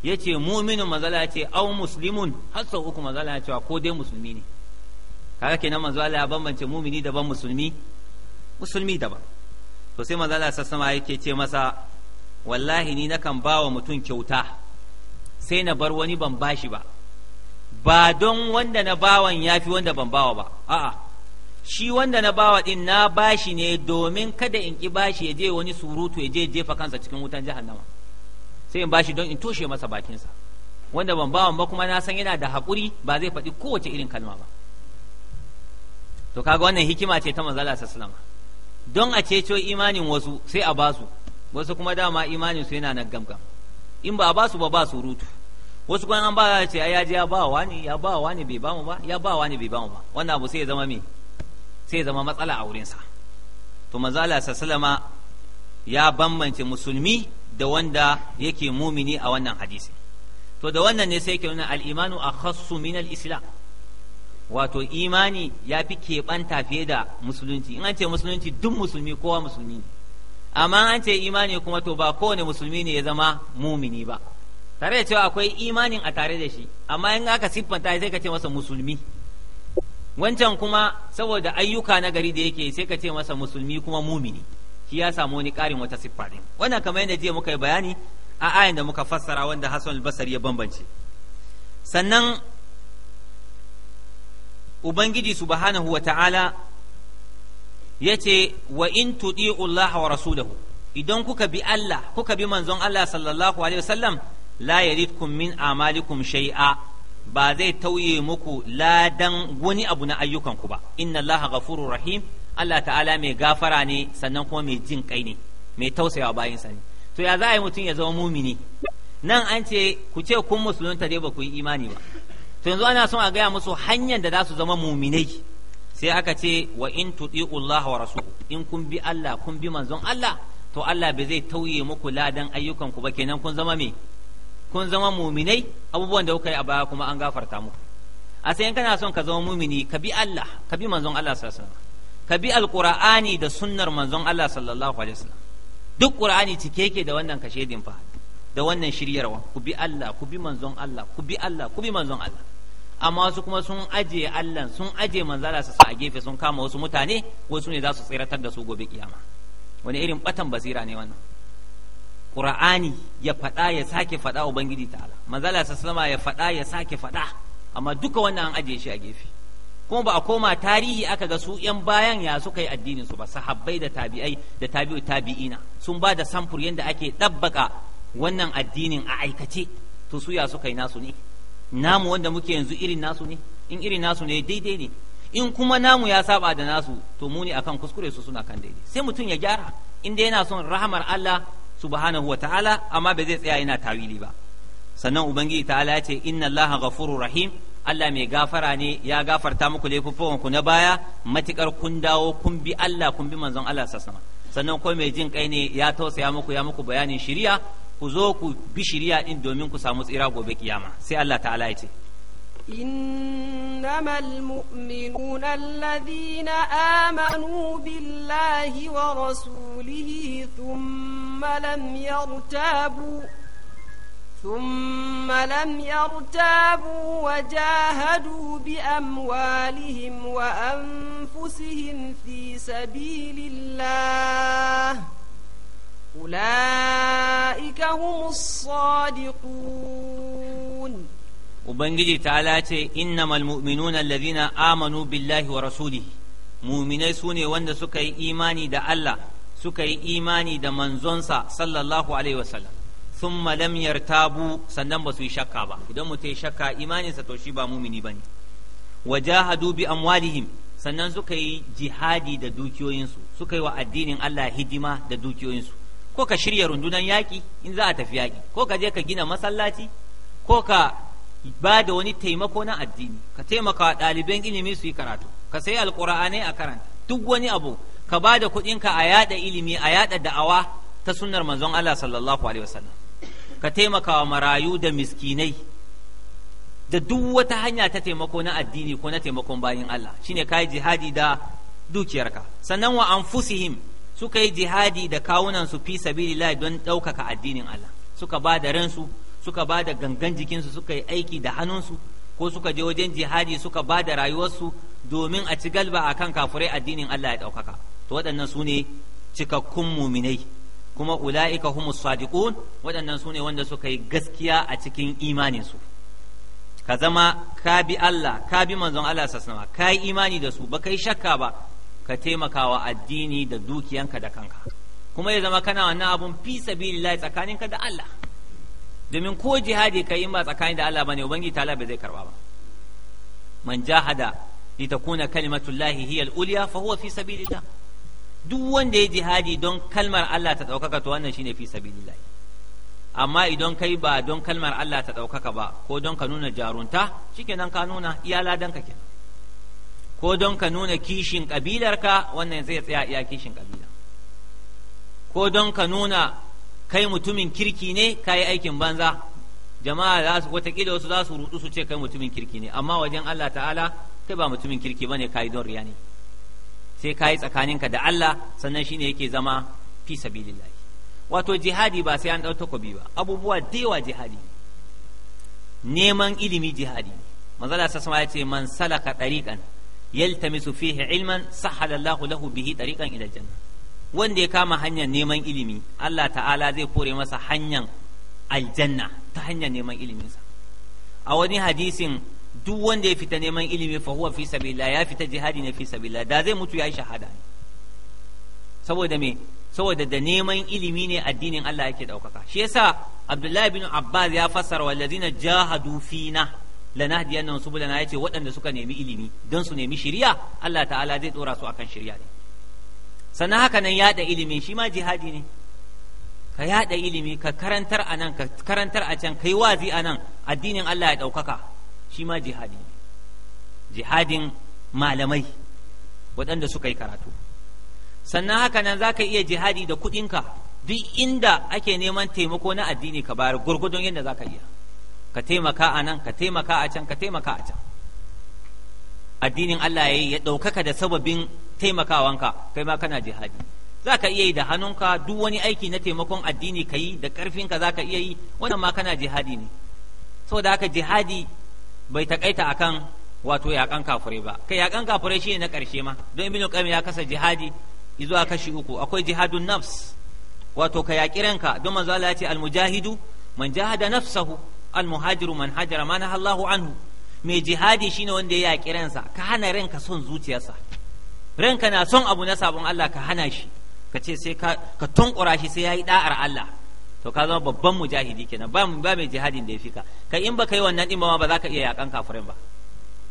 yace mu'minun mazala ce au muslimun har sau uku mazala cewa ko dai musulmi ne kaga kenan manzo Allah ya bambance mumini daban musulmi musulmi daban to sai manzo Allah sassama yake ce masa wallahi ni nakan bawa mutum kyauta sai na bar wani ban bashi ba ba don wanda na bawan yafi wanda ban bawa ba a'a shi wanda na bawa din na bashi ne domin kada in ki bashi ya je wani surutu ya je jefa kansa cikin wutan jahannama sai in bashi don in toshe masa bakinsa wanda ban bawan ba kuma na san yana da haƙuri ba zai faɗi kowace irin kalma ba to kaga wannan hikima ce ta manzala sallama don a ceto imanin wasu sai a basu wasu kuma dama imanin su yana nan gamgam in ba a basu ba ba rutu wasu kuma an ba ya ce ya je ya ba wani ya ba wani bai ba mu ba ya ba wani bai ba mu ba wannan abu sai ya zama me sai zama matsala a wurin sa to manzala sallama ya bambance musulmi da wanda yake mumini a wannan hadisi to da wannan ne sai ke nuna al'imanu a khassu min al-islam wato imani ya fi keɓanta fiye da musulunci in an ce musulunci duk musulmi kowa musulmi ne amma an ce imani kuma to ba kowane musulmi ne ya zama mumini ba tare da cewa akwai imanin a tare da shi amma in aka siffanta sai ka ce masa musulmi wancan kuma saboda ayyuka na gari da yake sai ka ce masa musulmi kuma mumini shi ya samu wani ƙarin wata siffa din wannan kamar yadda jiya muka yi bayani a ayan da muka fassara wanda Hassan al ya bambance sannan ubangiji subhanahu wa ta'ala yace wa in tudi'u Allah wa rasulahu idan kuka bi Allah kuka bi manzon Allah sallallahu alaihi wasallam la yalidkum min amalikum shay'a ba zai tauye muku ladan wani abu na ayyukanku ba inna Allah ghafurur rahim Allah ta'ala mai gafara ne sannan kuma mai jin kai ne mai tausayawa bayinsa ne to ya za a yi mutum ya zama mumini nan an ce ku ce kun musulunta dai ba ku yi imani ba to yanzu ana son a gaya musu hanyar da za su zama muminai sai aka ce wa in tuti'u Allah wa in kun bi Allah kun bi manzon Allah to Allah bai zai tauye muku ladan ayyukan ku ba kenan kun zama me kun zama muminai abubuwan da kuka yi a baya kuma an gafarta muku a sai in kana son ka zama mumini ka bi Allah ka bi manzon Allah sallallahu alaihi wasallam ka bi alƙur'ani da sunnar manzon Allah sallallahu alaihi wasallam duk ƙur'ani cike yake da wannan kashedin fa da wannan shiryarwa ku bi Allah ku bi manzon Allah ku bi Allah ku bi manzon Allah amma wasu kuma sun aje Allah sun aje manzon Allah a gefe sun kama wasu mutane wasu ne za su tsiratar da su gobe kiyama wani irin batan basira ne wannan ƙur'ani ya faɗa ya sake faɗa ubangiji ta'ala manzon Allah ya faɗa ya sake faɗa amma duka wannan an aje shi a gefe kuma ba a koma tarihi aka ga su yan bayan ya suka yi addinin su ba sahabbai da tabi'ai da tabi'u tabi'ina sun ba da samfur yadda ake ɗabbaka wannan addinin a aikace to su ya suka yi nasu ne namu wanda muke yanzu irin nasu ne in irin nasu ne daidai ne in kuma namu ya saba da nasu to muni akan kuskure su suna kan daidai sai mutum ya gyara inda yana son rahamar Allah subhanahu wataala amma ba zai tsaya yana tawili ba sannan ubangiji ta'ala ya ce inna allaha ghafurur rahim Allah mai gafara ne ya gafarta muku laifuffukan ku na baya matikar kun dawo kun bi Allah kun bi manzon Allah sassama sannan ko mai jin kai ne ya tausaya muku ya muku bayanin shiriya ku zo ku bi shiriya din domin ku samu tsira gobe kiyama sai Allah ta'ala ya ce إنما المؤمنون الذين آمنوا بالله ورسوله ثم لم يرتابوا ثم لم يرتابوا وجاهدوا بأموالهم وأنفسهم في سبيل الله أولئك هم الصادقون وبنجي تعالى إنما المؤمنون الذين آمنوا بالله ورسوله مؤمني سوني وند سكي إيماني دا الله سكي إيماني دا منزونسا صلى الله عليه وسلم sun lam yartabu sannan ba su yi shakka ba idan mutum ya shakka imaninsa to shi ba mumini waje wajahadu bi amwalihim sannan suka yi jihadi da dukiyoyinsu suka yi wa addinin Allah hidima da dukiyoyinsu ko ka shirya rundunar yaƙi in za a tafi yaƙi ko ka je ka gina masallaci ko ka ba da wani taimako na addini ka taimaka ɗaliban ilimi su yi karatu ka sayi alƙur'anai a karanta duk wani abu ka ba da kuɗinka a yaɗa ilimi a yaɗa da'awa ta sunnar manzon Allah sallallahu alaihi wasallam ka taimaka wa marayu da miskinai da duk wata hanya ta taimako na addini ko na taimakon bayin Allah shine yi jihadi da dukiyarka sannan wa anfusihim suka yi jihadi da kawunansu fi fi sabilillah don ɗaukaka addinin Allah suka ba da ransu suka ba da gangan jikinsu suka yi aiki da hannunsu ko suka je wajen jihadi suka ba da rayuwarsu domin a ci galba a kan kafurai addinin Allah ya ɗaukaka to waɗannan su ne cikakkun muminai kuma ula'ika humus sadiqun waɗannan su ne wanda suka yi gaskiya a cikin imaninsu ka zama ka bi Allah ka bi manzon Allah sassama ka yi imani da su ba ka yi shakka ba ka taimakawa addini da dukiyanka da kanka kuma ya zama kana wannan abun fi sabilillahi tsakaninka da Allah domin ko jihadi ka in ba tsakanin da Allah bane ubangiji ta Allah bai zai karba ba man jahada litakuna kalimatullahi hiya al-ulya fa huwa fi sabilillah duk wanda ya jihadi don kalmar Allah ta ɗaukaka to wannan shine fi sabilillah amma idan kai ba don kalmar Allah ta ɗaukaka ba ko don ka nuna jarunta shikenan ka nuna iya ladan ka kenan ko don ka nuna kishin kabilarka wannan zai tsaya iya kishin kabila ko don ka nuna kai mutumin kirki ne ka yi aikin banza jama'a za su watakila wasu za su rudu su ce kai mutumin kirki ne amma wajen Allah ta'ala kai ba mutumin kirki bane ka yi don riya ne sai ka yi tsakaninka da Allah sannan shine yake zama fi sabilillah wato jihadi ba sai an ɗau takobi ba abubuwa da yawa jihadi neman ilimi jihadi manzala sa sama ya ce man salaka tariqan yaltamisu fihi ilman sahalallahu lahu bihi tariqan ila janna wanda ya kama hanyar neman ilimi Allah ta'ala zai kore masa hanyar aljanna ta hanyar neman iliminsa a wani hadisin duk wanda ya fita neman ilimi fa huwa fi sabilillah ya fita jihadi ne fi sabilillah da zai mutu yayi shahada ne saboda me saboda da neman ilimi ne addinin Allah yake daukaka shi yasa Abdullahi bin Abbas ya fassara wallazina jahadu fina lanahdiyannahum subulana yace waɗanda suka nemi ilimi don su nemi shiriya Allah ta'ala zai dora su akan shiriya ne sannan haka nan yada ilimi shi ma jihadi ne ka yada ilimi ka karantar anan ka karantar a can kai wazi a nan addinin Allah ya ɗaukaka shi ma jihadi jihadin malamai waɗanda suka yi karatu sannan haka nan za ka iya jihadi da kuɗinka duk inda ake neman taimako na addini ka bayar gurgudun yadda za ka iya ka taimaka a nan ka taimaka a can ka taimaka a can addinin Allah ya yi ya ɗaukaka da sababin taimakawanka kai ma kana jihadi za ka iya yi da hannunka duk wani aiki na taimakon addini ka yi da ƙarfinka za ka iya yi wannan ma kana jihadi ne saboda haka jihadi bai a akan wato yaƙan kafure ba kai yakan shi ne na karshe ma don ibnu qayyim ya kasa jihadi zuwa kashi uku akwai jihadun nafs wato ka yaƙi ranka don manzo Allah ya ce almujahidu man jahada nafsahu almuhajiru man hajara ma na Allahu anhu mai jihadi shine wanda ya yaƙi ransa ka hana ranka son zuciyarsa ranka na son abu na sabon Allah ka hana shi ka ce sai ka tunƙura shi sai yayi da'ar Allah to ka zama babban mujahidi kenan ba ba mai jihadin da ya Ka kai in baka yi wannan din ba ba za ka iya yakan kafirin ba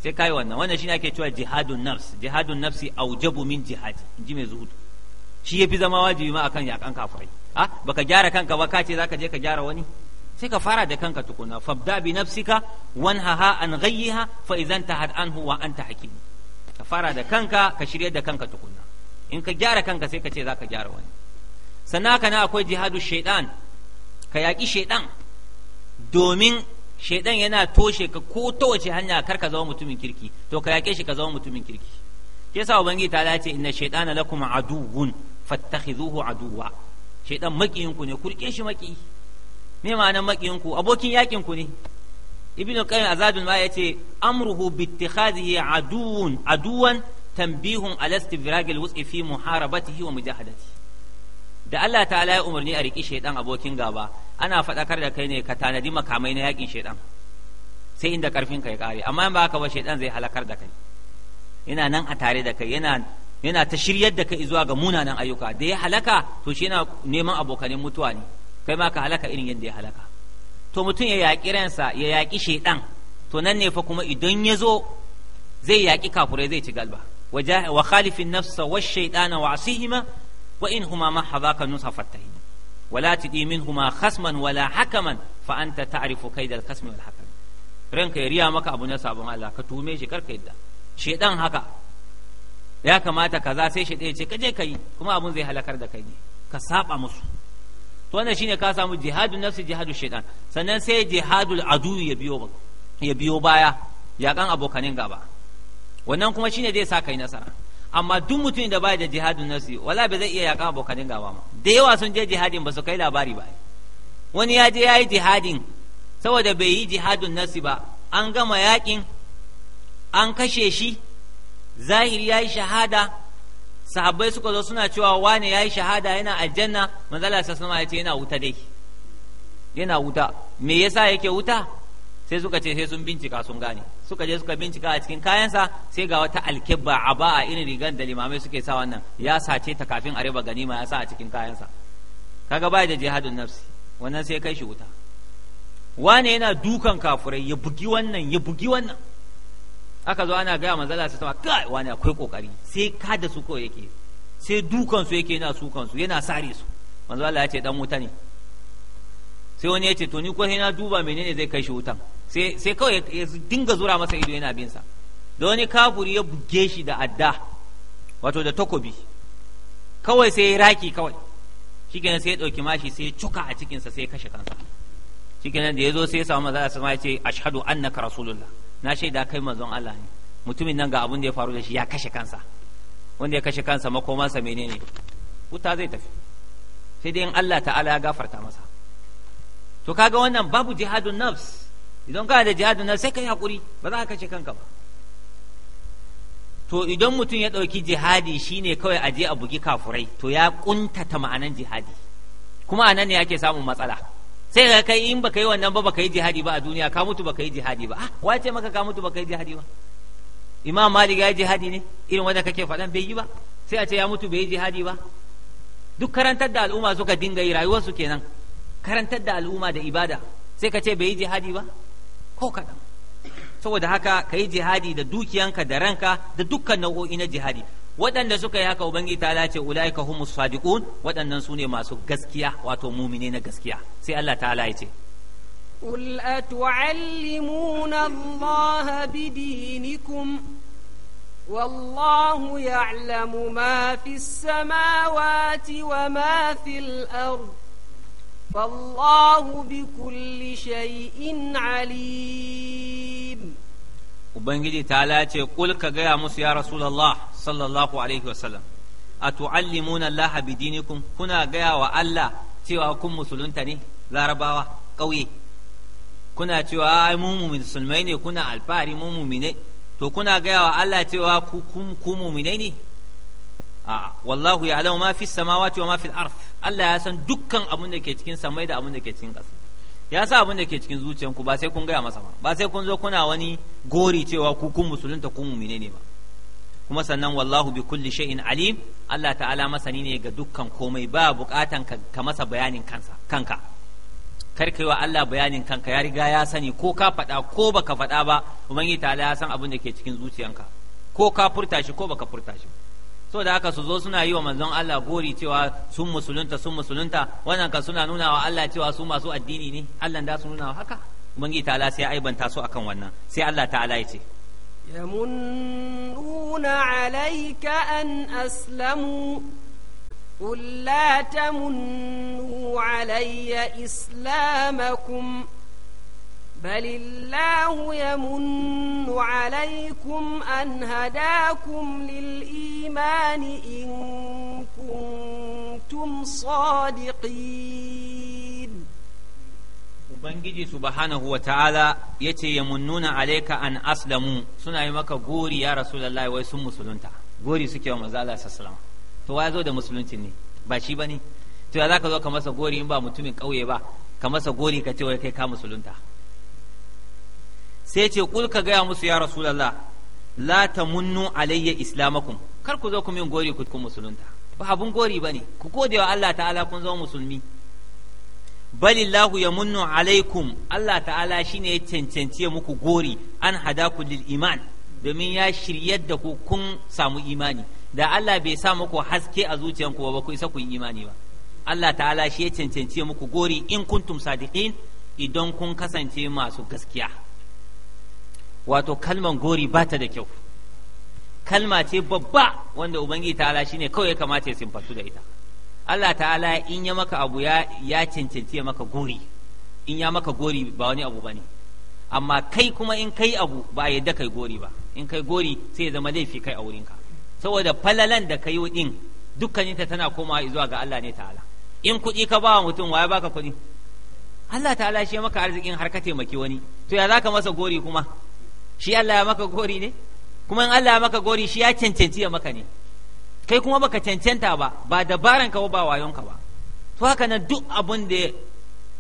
sai kai wannan wannan shine ake cewa jihadun nafs jihadun nafsi aujabu min jihad inji mai zuhud shi yafi zama wajibi ma akan yakan kafirai a baka gyara kanka ba kace ce zaka je ka gyara wani sai ka fara da kanka tukuna fabda bi nafsika wanhaha an ghayyiha fa idan tahad anhu wa anta hakim ka fara da kanka ka shirye da kanka tukuna in ka gyara kanka sai ka ce zaka gyara wani sannan haka na akwai jihadu shaidan ka yaƙi shaiɗan domin shaiɗan yana toshe ka ko ta wace hanya kar ka zama mutumin kirki to ka yaƙe shi ka zama mutumin kirki ke sa ubangiji ta dace inna shaidana lakum aduwwun fattakhidhuhu aduwa shaidan makiyin ku ne kurke shi maki me ma'anar makiyin ku abokin yakin ku ne ibnu qayyim azadul ma yace amruhu bittikhadhihi aduwwun aduwan tanbihun ala istifragil wus'i fi muharabatihi wa mujahadatihi da Allah ta'ala ya umarni a riƙi shaidan abokin gaba ana faɗakar da kai ne ka tanadi makamai na yaƙin shaidan sai inda ƙarfin ka ya ƙare. amma in ba haka ba shaidan zai halakar da kai yana nan a tare da kai yana yana ta shiryar da kai zuwa ga munanan ayyuka da ya halaka to shi yana neman abokanin mutuwa ne kai ma ka halaka irin yadda ya halaka to mutum ya yaƙi ransa ya yaƙi shaidan to nan ne fa kuma idan ya zo zai yaƙi kafurai zai ci galba wa khalifin nafsa wa shaidana wa asihima wa in huma ma nusa nusafattahi wala tidi minhuma khasman wala hakaman fa anta ta'rifu kaidal khasmi wal hakam ranka ya riya maka abu na sabon Allah ka tume shi karka yadda shedan haka ya kamata kaza sai shi ya ce ka kuma abun zai halakar da kai ka saba musu to wannan shine ka samu jihadun nafsi jihadun shedan sannan sai jihadul adu ya biyo ya baya abokanin gaba wannan kuma shine zai sa kai nasara amma duk mutumin da baya da jihadin nasi, wala ba zai iya yakan abokanin gaba ma da yawa sun je jihadin ba su kai labari ba wani ya je ya yi jihadin saboda bai yi jihadin nasi ba an gama yakin an kashe shi zahiri ya yi shahada sahabbai suka zo suna cewa wane ya yi shahada yana aljanna manzala sassama ya ce yana wuta dai yana wuta me yasa yake wuta sai suka ce sai sun bincika sun gane suka je suka bincika a cikin kayansa sai ga wata alkebba a ba a irin rigan da limamai suke sa wannan ya sace ta kafin a riba ganima ya sa a cikin kayansa kaga bai da jihadun nafsi wannan sai kai shi wuta wane yana dukan kafurai ya bugi wannan ya bugi wannan aka zo ana gaya manzala su sama kai wane akwai kokari sai ka da su kawai yake sai dukan su yake yana sukan su yana sare su manzo Allah ya ce dan wuta ne sai wani ya ce to ni ko sai na duba menene zai kai shi wutan sai sai kawai ya dinga zura masa ido yana bin sa da wani kafuri ya buge shi da adda wato da takobi kawai sai ya raki kawai shikenan sai ya dauki mashi sai ya cuka a cikin sa sai ya kashe kansa shikenan da ya zo sai ya samu manzo sama ya ce ashhadu annaka rasulullah na shaida kai manzon Allah ne mutumin nan ga abin da ya faru da shi ya kashe kansa wanda ya kashe kansa makomansa menene wuta zai tafi sai dai in Allah ta'ala ya gafarta masa to kaga wannan babu jihadun nafs idan kana da jihadi na sai ka yi haƙuri ba za ka kashe kanka ba to idan mutum ya ɗauki jihadi shine kawai aje a bugi kafurai to ya ƙuntata ma'anan jihadi kuma a nan ne ake samun matsala sai ka kai in baka yi wannan ba baka yi jihadi ba a duniya ka mutu baka yi jihadi ba ah wace maka ka mutu baka yi jihadi ba imam malik ya yi jihadi ne irin wanda kake faɗan bai yi ba sai a ce ya mutu bai yi jihadi ba duk karantar da al'umma suka dinga yi rayuwarsu kenan karantar da al'umma da ibada sai ka ce bai yi jihadi ba ko kaɗan saboda haka ka yi jihadi da dukiyanka da ranka da dukkan nau'o'i na jihadi waɗanda suka yi haka ubangiji ta lace ulaika humus sadiqun waɗannan su ne masu gaskiya wato mumine na gaskiya sai Allah ta ya ce قل أتعلمون الله بدينكم والله يعلم ما في السماوات وما في الأرض فالله بكل شيء عليم Ubangiji ta lace kul ka gaya musu ya Rasulallah sallallahu alaihi wasallam a tu'allimuna Allah bidinikum kuna gaya wa Allah cewa kun musulunta ne larabawa ƙauye kuna cewa ai mu musulmai ne kuna alfahari mu mumine to kuna gaya wa Allah cewa ku ku ne a'a wallahu ya'lamu ma fi samawati wa ma al ard Allah ya san dukkan abin da ke cikin samai da abin da ke cikin ƙasa ya sa abin da ke cikin zuciyanku ba sai kun gaya masa ba ba sai kun zo kuna wani gori cewa ku kun musulunta kun mu'mine ne ba kuma sannan wallahu bi kulli shay'in alim Allah ta'ala masani ne ga dukkan komai ba bukatan ka, masa bayanin kansa kanka kar kai wa Allah bayanin kanka ya riga ya sani ko ka faɗa ko baka faɗa ba ubangiji ta'ala ya san abin da ke cikin zuciyanka ko ka furta shi ko baka furta shi so da haka su zo suna yi wa manzon Allah gori cewa sun musulunta sun musulunta wannan ka suna nuna wa Allah cewa su masu addini ne Allah da su nuna wa haka ubangiji ta'ala sai aibanta su akan wannan sai Allah ta'ala ya ce يمنون عليك أن أسلموا قل لا تمنوا علي إسلامكم بل الله يمن عليكم أن هداكم للإيمان إن كنتم صادقين Ubangiji subhanahu wa ta'ala ya ce, Yamunnuna alaika an aslamu suna yi maka gori ya Rasulallah wai sun musulunta, gori suke wa maza Allah sassalama. To, wa zo da musulunci ne, ba shi ba ne? To, ya za ka zo ka masa gori in ba mutumin ƙauye ba, ka masa gori ka ce wai kai ka musulunta. sai ce kul ka gaya musu ya rasulullah la tamunnu alayya islamakum kar ku zo ku min gori ku musulunta ba abun gori bane ku gode wa Allah ta'ala kun zama musulmi balillahu yamunnu alaikum Allah ta'ala shine ya cancance muku gori an hadaku lil iman domin ya shirya da ku kun samu imani da Allah bai sa muku haske a zuciyanku ba ku isa ku yi imani ba Allah ta'ala shi ya cancance muku gori in kuntum sadiqin idan kun kasance masu gaskiya wato kalman gori ba ta da kyau kalma ce babba wanda ubangiji ta'ala shine kawai ya kamata ya simfatu da ita Allah ta'ala in ya maka abu ya ya cancanci ya maka gori in ya maka gori ba wani abu bane amma kai kuma in kai abu ba a yadda kai gori ba in kai gori sai ya zama laifi kai a wurinka saboda falalan da kai din dukkaninta tana komawa zuwa ga Allah ne ta'ala in kuɗi ka ba mutum wa ya baka kuɗi Allah ta'ala shi ya maka arzikin har ka taimaki wani to ya zaka masa gori kuma shi Allah ya maka gori ne kuma in Allah ya maka gori shi ya cancanci ya maka ne kai kuma baka cancanta ba ba dabaran ka ba wayon ka ba to haka nan duk abun da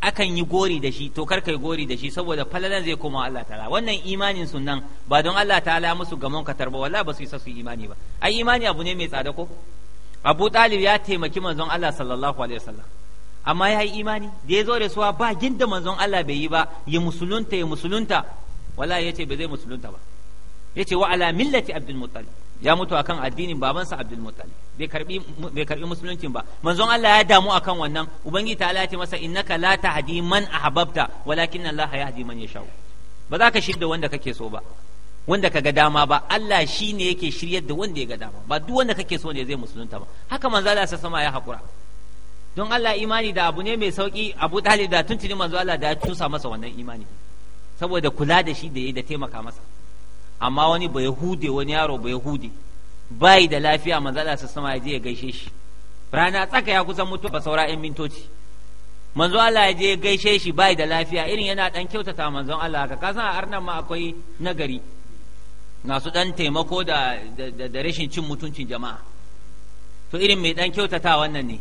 akan yi gori da shi to kar kai gori da shi saboda falalan zai koma Allah ta'ala wannan imanin nan ba don Allah ta'ala musu gamon katar ba wallahi ba su isa su imani ba ai imani abu ne mai tsada ko Abu Talib ya taimaki manzon Allah sallallahu alaihi wasallam amma ya yi imani da ya zo da suwa ba ginda manzon Allah bai yi ba ya musulunta ya musulunta ya ce ba zai musulunta ba yace wa ala millati abdul muttalib ya mutu akan addinin babansa abdul muttalib bai karbi bai karbi musuluncin ba manzon Allah ya damu akan wannan ubangiji ta ya ce masa innaka la tahdi man ahbabta walakin Allah yahdi man yasha ba za ka shirya wanda kake so ba wanda ka ga dama ba Allah shi ne yake shiryar da wanda ya ga dama ba duk wanda kake so ne zai musulunta ba haka manzo Allah sa sama ya hakura don Allah imani da abu ne mai sauki Abu Talib da tuntuni manzo Allah da ya tusa masa wannan imani saboda kula da shi da ya da taimaka masa amma wani ba hude wani yaro ba hude bai da lafiya manzala su sama ya je ya gaishe shi rana tsaka ya kusan mutu ba saura yan mintoci manzo Allah ya je gaishe shi bai da lafiya irin yana dan kyautata manzon Allah haka ka san arnan ma akwai nagari na su dan taimako da da rashin cin mutuncin jama'a to irin mai dan kyautata wannan ne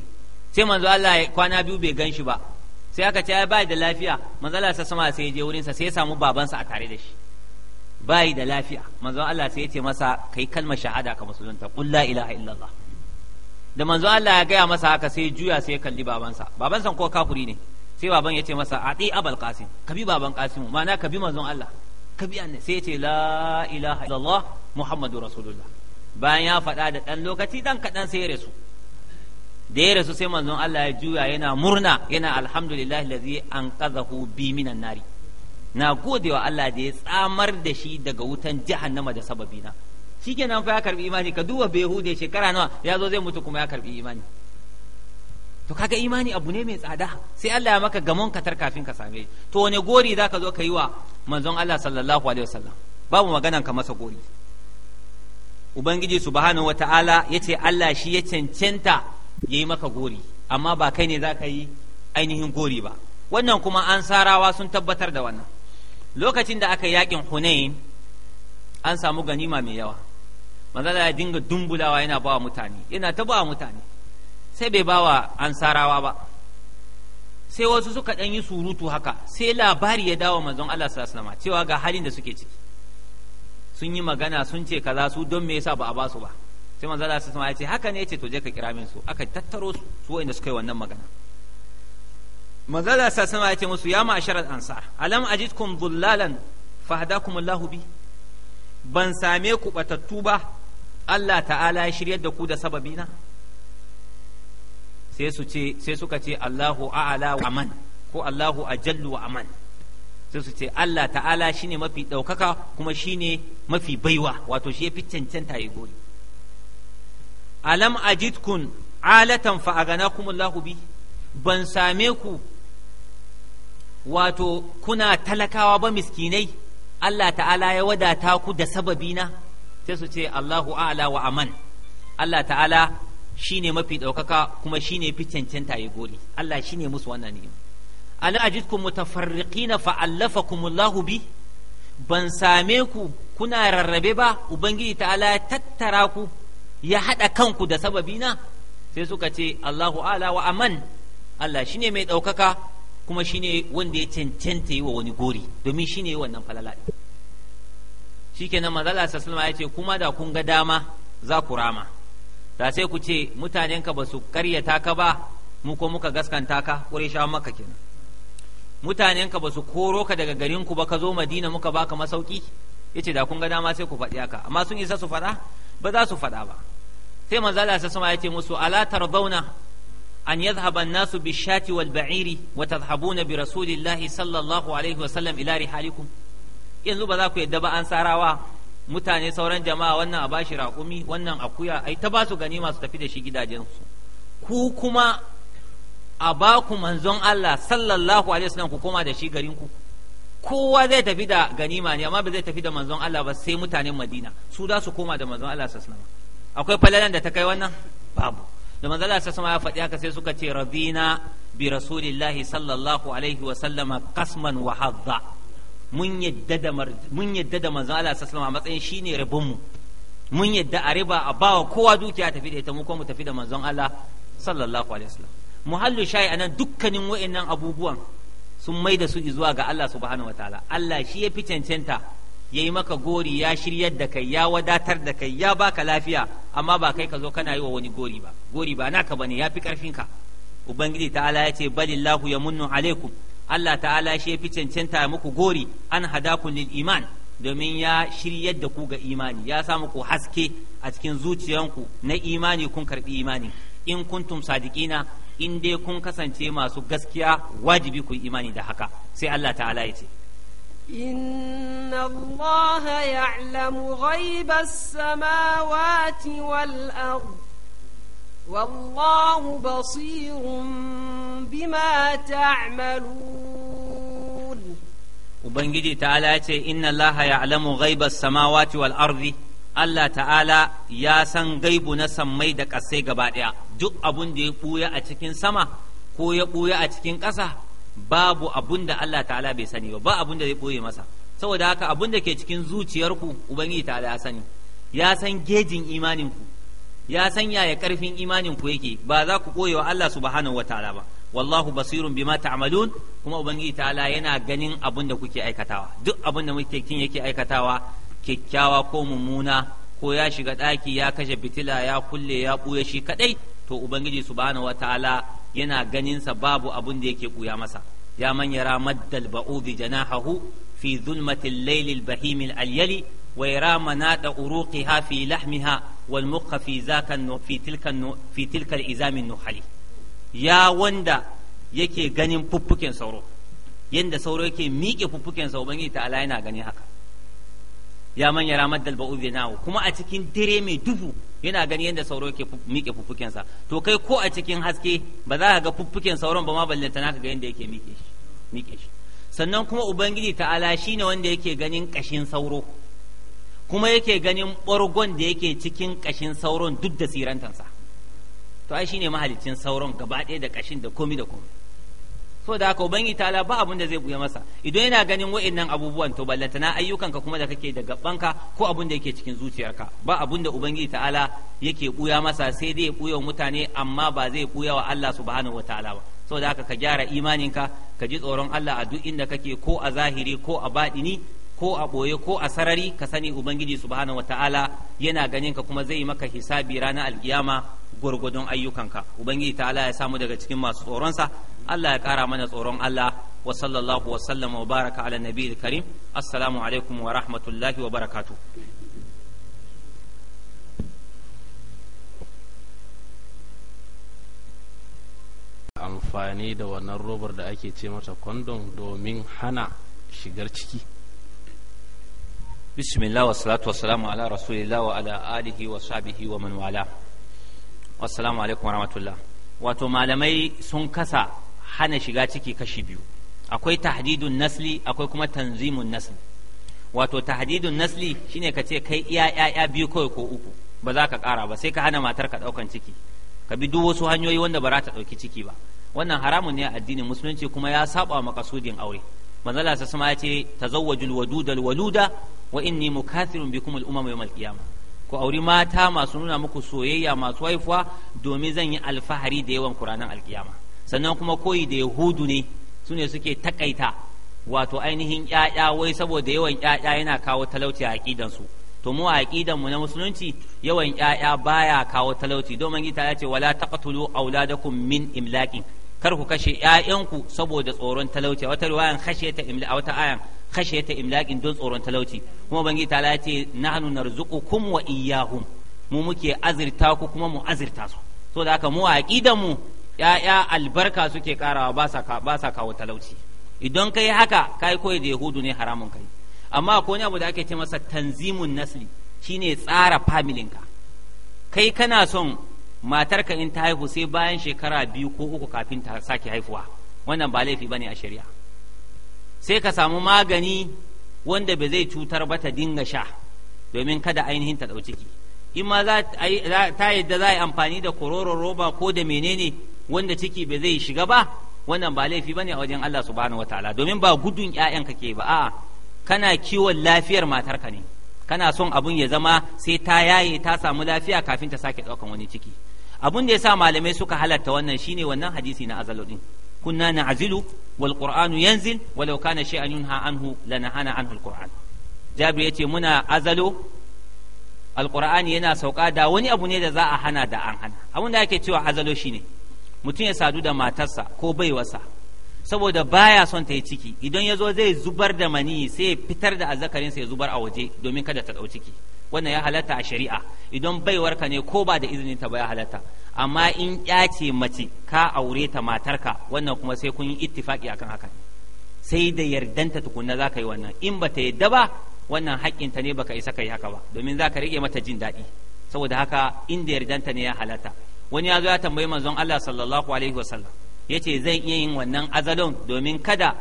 sai manzo Allah kwana biyu bai gan shi ba sai aka ce ai bai da lafiya manzo Allah sai sama sai ya je wurin sa sai ya samu babansa a tare da shi bai da lafiya manzo Allah sai ya ce masa kai kalmar shahada ka musulunta qul la ilaha illallah da manzo Allah ya gaya masa haka sai juya sai ya kalli babansa babansa ko kafuri ne sai baban ya ce masa ati abal qasim ka bi baban qasim mana ka bi manzon Allah ka bi annabi sai ya ce la ilaha illallah muhammadu rasulullah bayan ya faɗa da ɗan lokaci ɗan kaɗan sai ya rasu da ya rasu sai manzon Allah ya juya yana murna yana alhamdulillahi lazi an qazahu bi minan nari na wa Allah da ya tsamar da shi daga wutan jahannama da sababina shikenan fa ya karbi imani ka duba behude shekara nawa ya zo zai mutu kuma ya karbi imani to kaga imani abu ne mai tsada sai Allah ya maka gamon katar kafin ka same shi to wane gori zaka zo ka yi wa manzon Allah sallallahu alaihi wasallam babu maganan ka masa gori ubangiji subhanahu wataala yace Allah shi ya cancanta ya yi maka gori amma ba kai ne za ka yi ainihin gori ba wannan kuma an sarawa sun tabbatar da wannan lokacin da aka yakin hunain an samu ganima mai yawa manzala ya dinga dumbulawa yana bawa mutane yana ta bawa mutane sai bai bawa ansarawa ba sai wasu suka ɗan yi surutu haka sai labari ya dawo manzon Allah sallallahu cewa ga halin da suke ciki sun yi magana sun ce kaza su don me yasa ba a ba su ba sai manzo Allah sallallahu alaihi haka ne yace to je ka kira min su aka tattaro su su wanda suka yi wannan magana manzo Allah sallallahu alaihi wasallam ya ce musu ya ma'ashar al-ansar alam ajidkum dhullalan fahadakum Allah bi ban same ku batattu ba Allah ta'ala ya shiryar da ku da sababina sai su ce sai suka ce Allahu a'ala wa aman ko Allahu ajallu wa aman sai su ce Allah ta'ala shine mafi ɗaukaka kuma shine mafi baiwa wato shi ya fi cancanta ya gori alam ajidkun alatan fa aganakum Allahu bi ban same ku wato kuna talakawa ba miskinai Allah ta'ala ya wadata ku da sababina sai su ce Allahu a'la wa aman Allah ta'ala ne mafi ɗaukaka kuma shi shine fi cancanta ya gori Allah ne musu wannan ni'ima ala ajidkum mutafarriqina fa allafakum Allahu bi ban same ku kuna rarrabe ba ubangiji ta'ala ya tattara ku ya haɗa kanku da sababina sai suka ce Allahu ala wa aman Allah ne mai ɗaukaka kuma shi ne wanda ya cancanta yi wa wani gori domin ne yi wannan falala shikenan mazala sassalma ya ce kuma da kun ga dama za ku rama da sai ku ce ka ba su karyata ka ba mu ko muka gaskanta ka sha maka kenan ka ba su koro ka daga ku ba ka zo madina muka baka masauki yace da kun ga dama sai ku faɗi haka amma sun isa su faɗa ba za su faɗa ba sai manzo Allah sa sama ya ce musu ala tarbauna an yadhhaba an-nasu bishati wal ba'iri wa tadhhabuna bi rasulillahi sallallahu alaihi wa sallam ila rihalikum yanzu ba za ku yadda ba an sarawa mutane sauran jama'a wannan a bashi raƙumi wannan akuya ai ta ba su gani masu tafi da shi gidajensu ku kuma a ba ku manzon Allah sallallahu alaihi wasallam ku koma da shi garinku kowa zai tafi da ganima ne amma ba zai tafi da manzon Allah ba sai mutanen Madina su za su koma da manzon Allah sallallahu alaihi wasallam akwai falalan da ta kai wannan babu da manzo Allah sama ya faɗi haka sai suka ce radina bi rasulillahi sallallahu alaihi wa sallama qasman wa hadda mun yadda da mun yadda da manzo Allah sallallahu alaihi matsayin shine rabin mu mun yadda a riba a bawa kowa dukiya tafi da ita mu kuma mu tafi da manzon Allah sallallahu alaihi wasallam muhallu shayi anan dukkanin wa'annan abubuwan sun mai da su zuwa ga Allah subhanahu wataala Allah shi ya fi cancanta ya yi maka gori ya shiryar da kai ya wadatar da kai ya baka lafiya amma ba kai ka zo kana yi wa wani gori ba gori ba naka bane ya fi karfinka ubangiji ta'ala ya ce ya munnu alaikum Allah ta'ala shi ya fi cancanta muku gori an hadakun lil iman domin ya shiryar da ku ga imani ya sa muku haske a cikin zuciyanku na imani kun karbi imani in kuntum sadiqina in dai kun kasance masu gaskiya wajibi ku imani da haka sai Allah ta'ala ya ce إن الله يعلم غيب السماوات والأرض والله بصير بما تعملون وبنجي تعالى إن الله يعلم غيب السماوات والأرض Allah ta'ala ya san gaibu na sammai da ƙasai gaba ɗaya duk abun da ya ɓuya a cikin sama ko ya ɓuya a cikin ƙasa babu abun da Allah ta'ala bai sani ba ba abun da zai boye masa saboda haka abun da ke cikin zuciyarku ubangiji ta'ala ya sani ya san gejin imaninku ya san yaya karfin imaninku yake ba za ku boye wa Allah subhanahu wataala ba wallahu basirun bima ta'malun kuma ubangiji ta'ala yana ganin abun da kuke aikatawa duk abun da muke kin yake aikatawa kyakkyawa ko mummuna ko ya shiga ɗaki ya kashe fitila ya kulle ya ɓuya shi kaɗai to ubangiji subhanahu wataala yana ganinsa babu abun da yake kuya masa ya man yara maddal ba'udi janahahu fi zulmatil laylil bahimil alyali wa yara manada uruqiha fi lahmiha wal muqqa fi zakan fi tilka fi tilka izamin nuhali ya wanda yake ganin fuffuken sauro yanda sauro yake miƙe fuffuken sauro bangi ta ala yana gani haka ya man yara maddal ba'udi janahahu kuma a cikin dire mai duhu yana gani yadda sauro ke miƙe fuffukensa to kai ko a cikin haske ba za ka ga fuffuken sauron ba ma ballanta naka ga yadda yake miƙe shi sannan kuma ubangiji ta'ala ne wanda yake ganin ƙashin sauro kuma yake ganin ɓargon da yake cikin ƙashin sauron duk da sirantansa to ai shi ne mahalicin sauron gaba ɗaya da ƙashin da komi da komi so da haka ubangi ta ba abun da zai buya masa idan yana ganin wa'annan abubuwan to ayyukan ka kuma da kake da gabanka ko abun da yake cikin zuciyarka ba abun da ubangi ta'ala yake buya masa sai dai ya buya mutane amma ba zai buya wa Allah subhanahu wataala ba so da haka ka gyara imaninka ka ji tsoron Allah a duk inda kake ko a zahiri ko a baɗini ko a ɓoye ko a sarari ka sani ubangiji subhanahu wataala yana ganin ka kuma zai maka hisabi ranar alkiyama gwargwadon ka ubangiji ta'ala ya samu daga cikin masu tsoron sa. Allah ya ƙara mana tsoron Allah wa sallallahu wa sallama wa baraka ala nabiyil karim assalamu alaikum wa rahmatullahi wa barakatu. amfani da wannan robar da ake ce mata kwandon domin hana shigar ciki bismillah wa salatu wa salamu ala rasulillah wa ala alihi wa sahbihi wa man wala assalamu alaikum wa rahmatullah wato malamai sun kasa hana shiga ciki kashi biyu akwai tahdidun nasli akwai kuma tanzimun nasli wato tahdidun nasli shine ka ce kai iya ya'ya biyu kawai ko uku ba za ka ƙara ba sai ka hana matar ka ɗaukan ciki ka bi duk wasu hanyoyi wanda ba za ta ɗauki ciki ba wannan haramun ne a addinin musulunci kuma ya saba makasudin aure manzala sa sama ya ce tazawwajul wadudal waluda wa inni mukathirun bikum al umam yawm qiyamah ku auri mata masu nuna muku soyayya masu haifuwa domin zan yi alfahari da yawan kuranan alkiyama sannan kuma koyi da yahudu ne su ne suke takaita wato ainihin ƴaƴa wai saboda yawan ƴaƴa yana kawo talauci a aqidansu to mu a aqidan mu na musulunci yawan ƴaƴa baya kawo talauci domin gita ya ce wala taqtulu auladakum min imlaqin kar ku kashe ƴaƴanku saboda tsoron talauci wata riwayan khashiyata imla wata ayan khashiyata imlaqin don tsoron talauci kuma bangi ta ya ce nahnu narzuqukum wa iyyahum mu muke azirta ku kuma mu azirta su to da haka mu a aqidan mu ‘ya'ya albarka suke karawa ba sa kawo talauci idan ka haka kai yi koyi da yahudu ne haramun kai amma akwai abu da ake ce masa tanzimun nasli shine tsara familinka kai kana son matarka in ta haihu sai bayan shekara biyu ko uku kafin ta sake haihuwa. wannan ba laifi bane a shari'a sai ka samu magani wanda ba zai cutar ba ta dinga sha domin kada ainihin ta ɗau ciki in ma za ta yadda za a yi amfani da kororon roba ko da menene wanda ciki bai zai shiga ba wannan ba laifi bane a wajen Allah subhanahu wataala domin ba gudun ƴaƴan kake ba a'a kana kiwon lafiyar matarka ne kana son abun ya zama sai ta yaye ta samu lafiya kafin ta sake ɗaukan wani ciki abun da ya sa malamai suka halatta wannan shine wannan hadisi na azalo din kunna na'zilu wal qur'anu yanzil walau kana shay'an yunha anhu lanahana anhu al qur'an jabir yace muna azalo Alƙur'ani yana sauka da wani abu ne da za a hana da an hana abun da ake cewa azalo shine mutum ya sadu da matarsa ko baiwarsa saboda baya son ta yi ciki idan ya zo zai zubar da mani sai ya fitar da azzakarinsa ya zubar a waje domin kada ta ɗau ciki wannan ya halatta a shari'a idan baiwarka ne ko ba da izinin ta ba ya halatta amma in ya mace ka aure ta matarka wannan kuma sai kun yi ittifaki akan haka sai da yardanta tukunna za ka yi wannan in ba ta yarda ba wannan haƙƙinta ne baka isa ka yi haka ba domin za ka rike mata jin daɗi saboda haka inda yardanta ne ya halatta wani ya zo ya tambayi manzon Allah sallallahu alaihi wasallam yace zan iya yin wannan azalon domin kada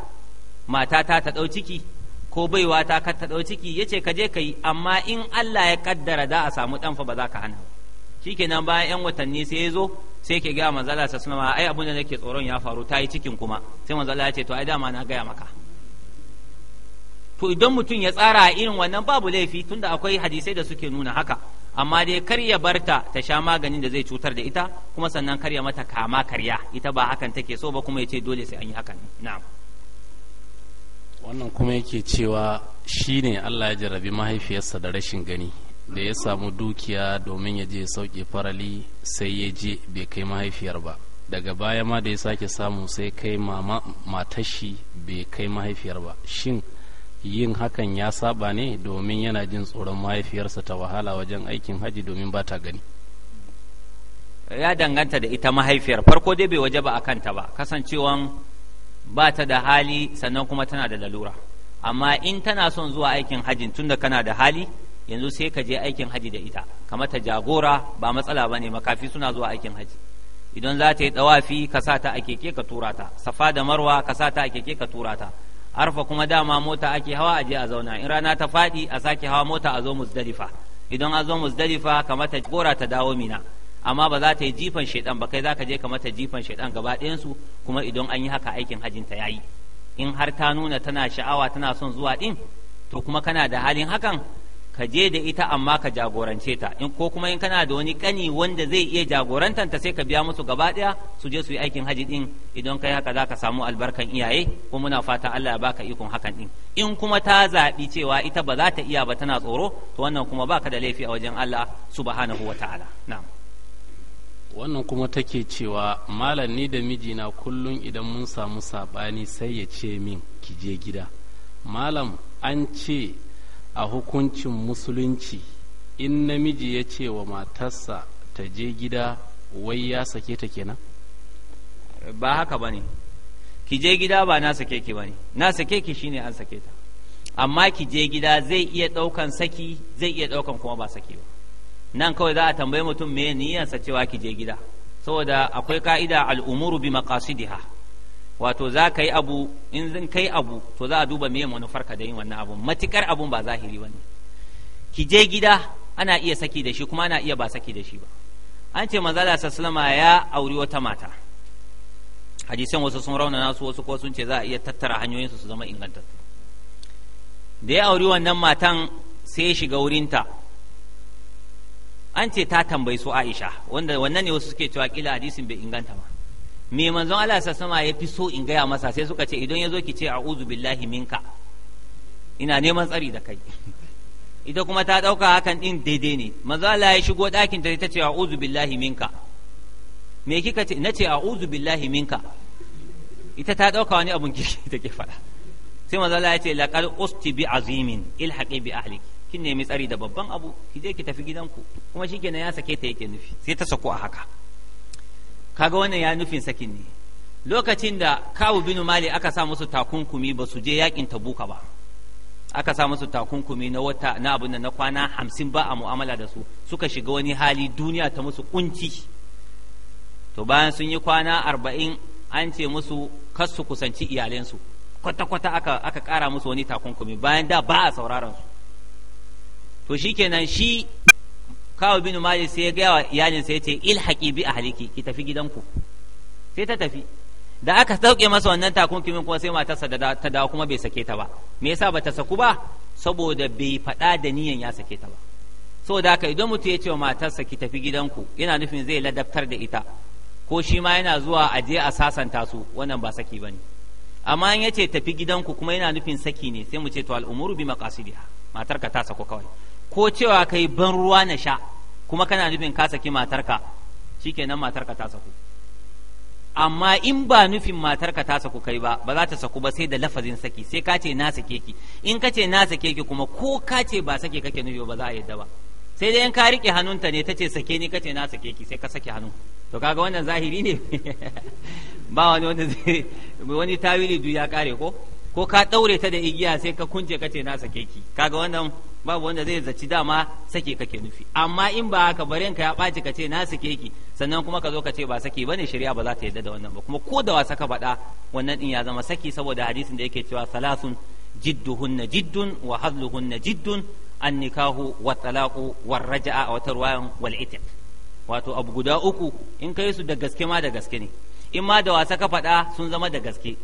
matata ta ɗau ciki ko baiwa ta kar ta ɗau ciki yace ka je ka amma in Allah ya kaddara za a samu ɗan fa ba za ka hana ba shikenan bayan yan watanni sai ya zo sai ke gaya manzon Allah sallallahu alaihi ai abin da nake tsoron ya faru ta yi cikin kuma sai manzon Allah ya ce to ai dama na gaya maka to idan mutum ya tsara irin wannan babu laifi tunda akwai hadisai da suke nuna haka amma dai kar ya barta ta sha maganin da zai cutar da ita kuma sannan kar ya mata kama karya ita ba hakan take so ba kuma ya ce dole sai an yi hakan na'am wannan kuma yake cewa shi ne Allah ya jarrabi mahaifiyarsa da rashin gani da ya samu dukiya domin ya je ya sauke farali sai ya je bai kai mahaifiyar ba daga baya ma da ya sake samu sai kai mama matashi bai kai mahaifiyar ba shin yin hakan ya saba ne domin yana jin tsoron mahaifiyarsa ta wahala wajen aikin haji domin ba ta gani ya danganta da ita mahaifiyar farko dai bai waje ba a kanta ba kasancewan ba ta da hali sannan kuma tana da lalura amma in tana son zuwa aikin hajin da kana da hali yanzu sai ka je aikin haji da ita kamar ta jagora ba matsala ba ne makafi suna zuwa aikin haji idan za ta yi ɗawafi ka sa ta a keke ka tura ta safa da marwa ka sa ta a keke ka tura ta arfa kuma dama mota ake hawa a je a zauna in rana ta faɗi a sake hawa mota a zo musdalifa idan a zo musdalifa kamata bora ta dawo mina amma ba za ta yi jifan shaidan ba kai za ka je kamata jifan shaidan gaba ɗayansu kuma idan an yi haka aikin hajin ta yayi in har ta nuna tana sha'awa tana son zuwa ɗin to kuma kana da halin hakan ka je da ita amma ka jagorance ta in ko kuma in kana da wani kani wanda zai iya jagorantanta sai ka biya musu gaba daya su je su yi aikin haji din idan kai haka zaka samu albarkan iyaye ko muna fata Allah ya baka ikon hakan din in kuma ta zabi cewa ita ba za ta iya ba tana tsoro to wannan kuma baka da laifi a wajen Allah subhanahu wataala na'am wannan kuma take cewa malam ni da mijina kullum idan mun samu sabani sai ya ce min ki je gida malam an ce a hukuncin musulunci in namiji ya ce wa matarsa ta je gida wai ya sake ta kenan ba haka ba ne ki je gida ba na sake ki ba ne na sake ki shine an sake ta amma ki je gida zai iya ɗaukan saki zai iya ɗaukan kuma ba sake ba nan kawai za a tambayi mutum me niyyarsa cewa ki je gida saboda akwai ka'ida al'umuru bi maqasidiha wato za ka yi abu in zin kai abu to za a duba me manufarka da yin wannan abun matikar abun ba zahiri bane ki je gida ana iya saki da shi kuma ana iya ba saki da shi ba an ce manzala sallama ya auri wata mata hadisan wasu sun rauna nasu wasu ko sun ce za a iya tattara hanyoyin su su zama ingantattu da ya auri wannan matan sai ya shiga wurinta an ce ta tambayi su Aisha wanda wannan ne wasu suke cewa kila hadisin bai inganta ba me manzon Allah sassama ya fi so in gaya masa sai suka ce idan ya zo ki ce a'udhu billahi minka ina neman tsari da kai ita kuma ta ɗauka hakan ɗin daidai ne manzon Allah ya shigo ɗakin ta ta ce a'udhu billahi minka me kika ce na ce a'udhu billahi minka ita ta ɗauka wani abun ta ke faɗa sai manzon Allah ya ce laqad usti bi azimin ilhaqi bi ahliki kin nemi tsari da babban abu ki je ki tafi gidanku kuma shikenan ya sake ta yake nufi sai ta sako a haka kaga wannan ya nufin sakin ne lokacin da kawu binu mali aka sa musu takunkumi ba su je yakin tabuka ba aka sa musu takunkumi na wata na abin na kwana hamsin ba a mu'amala da su suka shiga wani hali duniya ta musu kunci to bayan sun yi kwana arba'in an ce musu kas su kusanci iyalensu kwata-kwata aka aka ƙara musu wani takunkumi bayan da ba a sauraron su to shikenan shi kawo binu malik sai ya gaya wa iyalinsa ya ce ilhaqi bi ahliki ki tafi gidanku sai ta tafi da aka sauke masa wannan takunkumin kuma sai matarsa ta dawo kuma bai sake ta ba me yasa bata saku ba saboda bai faɗa da niyan ya sake ta ba saboda haka idan mutum ya ce wa matarsa ki tafi gidanku yana nufin zai ladabtar da ita ko shi ma yana zuwa a je a sasanta su wannan ba saki bane amma in yace tafi gidanku kuma yana nufin saki ne sai mu ce to al'umuru bi maqasidiha ka ta sako kawai ko cewa ka yi ban ruwa na sha kuma kana nufin ka saki matarka shikenan matarka ta saku amma in ba nufin matarka ta saku kai ba ba za ta saku ba sai da lafazin saki sai ka ce na sake ki in ka ce na sake ki kuma ko ka ce ba sake kake nufi ba za a yadda ba sai dai in ka rike hannunta ne ta ce sake ni ka ce na sake ki sai ka sake hannu to kaga wannan zahiri ne ba wani wanda zai wani tawili du ya kare ko ko ka daure ta da igiya sai ka kunce ka ce na sake ki kaga wannan babu wanda zai zaci dama sake kake nufi amma in ba haka barin ka ya ɓaci ka ce na sake ki sannan kuma ka zo ka ce ba sake ne shari'a ba za ta yarda da wannan ba kuma ko da wasa ka faɗa wannan din ya zama saki saboda hadisin da yake cewa salasun jidduhunna jiddun wa hazluhunna jiddun an nikahu wa talaqu wa raja'a wa tarwayan wal itiq wato abu guda uku in kai su da gaske ma da gaske ne in ma da wasa ka faɗa sun zama da gaske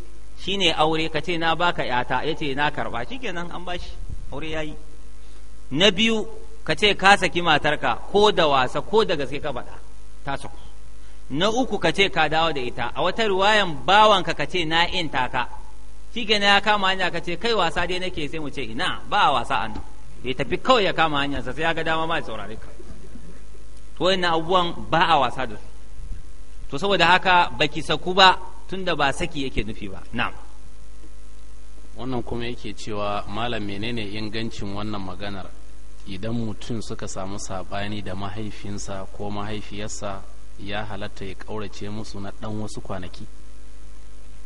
shine aure ka ce na baka yata yace na karba shikenan an bashi aure yayi na biyu ka ce ka saki matarka ko da wasa ko da gaske ka faɗa ta saku na uku ka ce ka dawo da ita a wata ruwayan bawanka ka ce na in taka shi ya kama hanya ka ce kai wasa dai nake sai mu ce ina ba a wasa a nan ya tafi kawai ya kama hanyarsa sai ya ga dama ma ya saurare ka to wannan abubuwan ba a wasa da su to saboda haka baki saku ba tunda ba saki yake nufi ba na'am wannan kuma yake cewa malam menene ingancin wannan maganar idan mutum suka samu saɓani da mahaifinsa ko mahaifiyarsa ya halatta ya ƙaurace musu na ɗan wasu kwanaki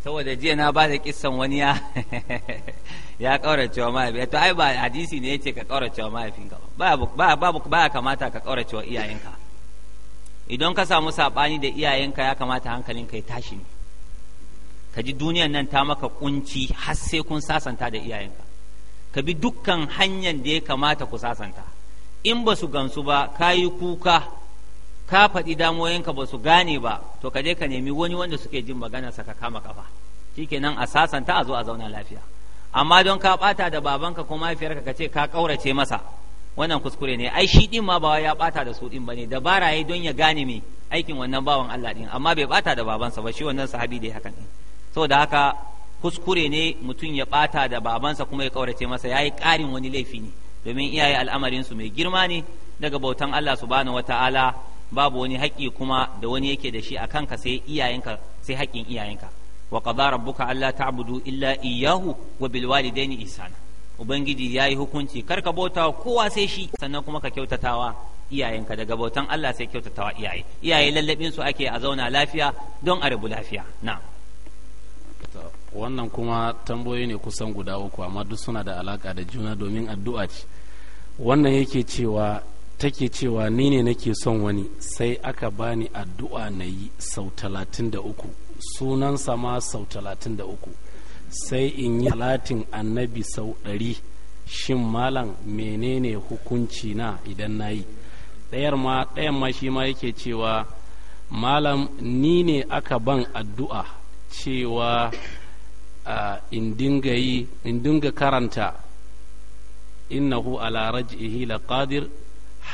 saboda jiya na ba da kissan wani ya ya ƙaurace wa mahaifi to ai ba hadisi ne yace ka ƙaurace wa mahaifinka ba ba ba kamata ka ƙaurace wa iyayenka idan ka samu saɓani da iyayenka ya kamata hankalinka ya tashi ne ka ji duniyan nan ta maka kunci har sai kun sasanta da iyayenka ka bi dukkan hanyar da ya kamata ku sasanta in ba su gansu ba ka yi kuka ka faɗi damoyinka ba su gane ba to ka je ka nemi wani wanda suke jin maganarsa ka kama kafa shikenan a sasanta a zo a zauna lafiya amma don ka bata da babanka ko mafiyarka ka ce ka ƙaurace masa wannan kuskure ne ai shi ɗin ma ba ya bata da su ɗin bane dabara yayi don ya gane me aikin wannan bawan Allah ɗin amma bai bata da babansa ba shi wannan sahabi dai hakan ɗin saboda haka kuskure ne mutum ya ɓata da babansa kuma ya ƙaurace masa ya yi ƙarin wani laifi ne domin iyaye al'amarinsu mai girma ne daga bautan Allah subhanahu wata'ala babu wani haƙƙi kuma da wani yake da shi a kanka sai iyayenka sai haƙƙin iyayenka wa qadara rabbuka alla ta'budu illa iyyahu wa bil walidaini ihsana ubangiji yayi hukunci kar ka bauta kowa sai shi sannan kuma ka kyautatawa iyayenka daga bautan Allah sai kyautatawa iyaye iyaye lallabin su ake a zauna lafiya don a rabu lafiya na'am wannan kuma tambayoyi ne kusan guda uku amma duk suna da alaka da juna domin addu'a ce wannan yake cewa take cewa ni ne nake son wani sai aka bani addu'a na yi sau talatin da uku sunansa ma sau talatin da uku sai in yi talatin annabi sau ɗari shin malam menene hukunci na idan na yi ɗayan ma ɗayan ma shi ma yake cewa malam ni ne aka ban addu'a cewa in dinga yi in dinga karanta innahu ala raj'ihi qadir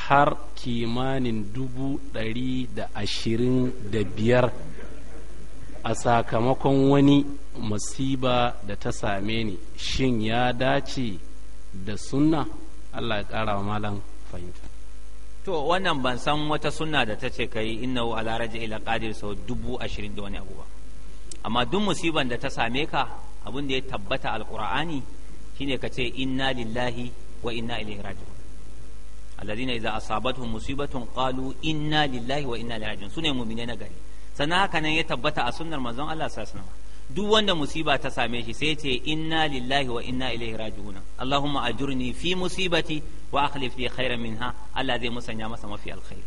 har kimanin dubu ɗari da ashirin da biyar a sakamakon wani masiba da ta same ni shin ya dace da sunna allah ya ƙara malam fahimta to wannan ban san wata sunna da ta ce ka yi innahu ala la qadir sau dubu ashirin da wani abu ba amma duk musiban da ta same ka abin da ya tabbata alqur'ani shine ka ce inna lillahi wa inna ilaihi raji'un alladhina idza asabatuhum musibatun qalu inna lillahi wa inna ilaihi raji'un sune mu'mine na gari sannan haka nan ya tabbata a sunnar manzon Allah sallallahu alaihi wasallam duk wanda musiba ta same shi sai ce inna lillahi wa inna ilaihi raji'un allahumma ajurni fi musibati wa akhlif li khairan minha Allah zai musanya masa mafi alkhairi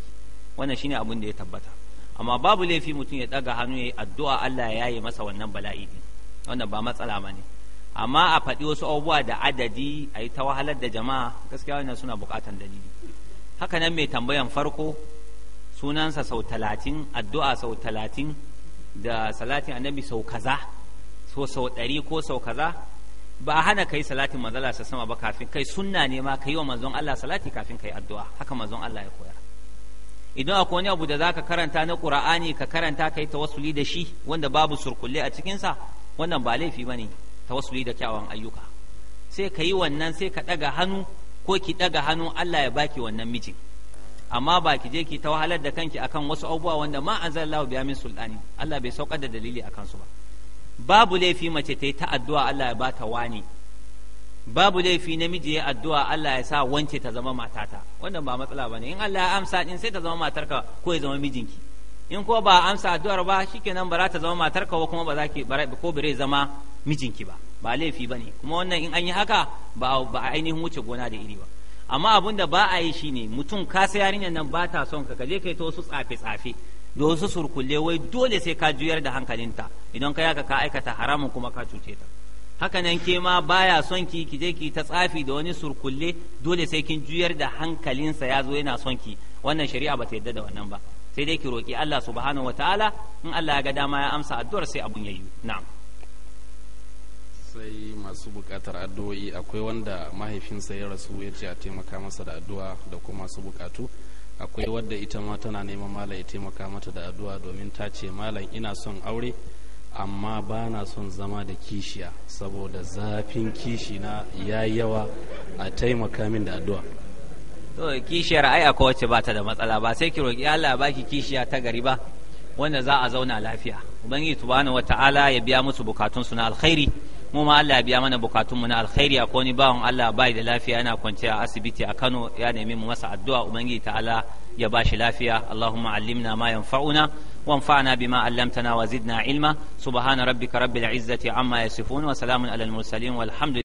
wannan shine abin da ya tabbata amma babu laifi mutum ya daga hannu ya yi addu'a Allah ya yaye masa wannan bala'i din wannan ba matsala ba ne amma a faɗi wasu abubuwa da adadi a yi ta wahalar da jama'a gaskiya wannan suna buƙatar dalili haka nan mai tambayan farko sunansa sau talatin addu'a sau talatin da salatin annabi sau kaza so sau ɗari ko sau kaza ba a hana kai salatin manzala sa sama ba kafin kai sunna ne ma kai wa manzon Allah salati kafin kai addu'a haka manzon Allah ya koyar idan akwai wani abu da za ka karanta na ƙura'ani ka karanta ka yi tawassuli da shi wanda babu surkulle a cikinsa. wannan ba laifi ba ne tawassuli da kyawawan ayyuka sai ka yi wannan sai ka daga hannu ko ki ɗaga hannu Allah ya baki wannan miji. amma ba ki je ki ta wahalar da kanki akan wasu abubuwa wanda ma biya min sultani Allah bai saukar da dalili akan su ba babu laifi mace ta yi ta addu'a Allah ya bata wani babu laifi namiji ya addu'a Allah ya sa wance ta zama matata wannan ba matsala bane in Allah ya amsa din sai ta zama matarka ko ya zama mijinki in ko ba amsa addu'ar ba shikenan ba za ta zama matarka ko kuma ba za ki ko bare zama mijinki ba ba laifi bane kuma wannan in an yi haka ba ba ainihin wuce gona da iri ba amma abun da ba a yi shi ne mutum ka sai yarinyar nan ba ta son ka kaje kai ta wasu tsafe tsafe da wasu surkulle wai dole sai ka juyar da hankalinta idan ka yaka ka aikata haramun kuma ka cuce ta hakanan nan ke ma baya son ki ki je ki ta tsafi da wani surkulle dole sai kin juyar da hankalinsa ya zo yana son ki wannan shari'a ba ta yadda da wannan ba sai dai ki roki Allah subhanahu wataala in Allah ya ga dama ya amsa addu'ar sai abun yayi na'am sai masu bukatar addu'o'i akwai wanda mahaifinsa ya rasu ya ce a taimaka masa da addu'a da kuma masu bukatu akwai wadda ita ma tana neman malam ya taimaka mata da addu'a domin ta ce malam ina son aure amma ba na son zama da kishiya saboda zafin kishi na ya yawa a taimaka min da addu'a to kishiyar ai akwai wacce ba ta da matsala ba sai ki roki Allah baki kishiya ta gari ba wanda za a zauna lafiya ubangiji subhanahu wata'ala ya biya musu bukatun su na alkhairi mu ma Allah ya biya mana bukatun mu na alkhairi akwai wani bawan Allah bai da lafiya yana kwance a asibiti a Kano ya nemi mu masa addu'a ubangiji ta'ala ya bashi lafiya Allahumma allimna ma yanfa'una وانفعنا بما علمتنا وزدنا علما سبحان ربك رب العزة عما يصفون وسلام على المرسلين والحمد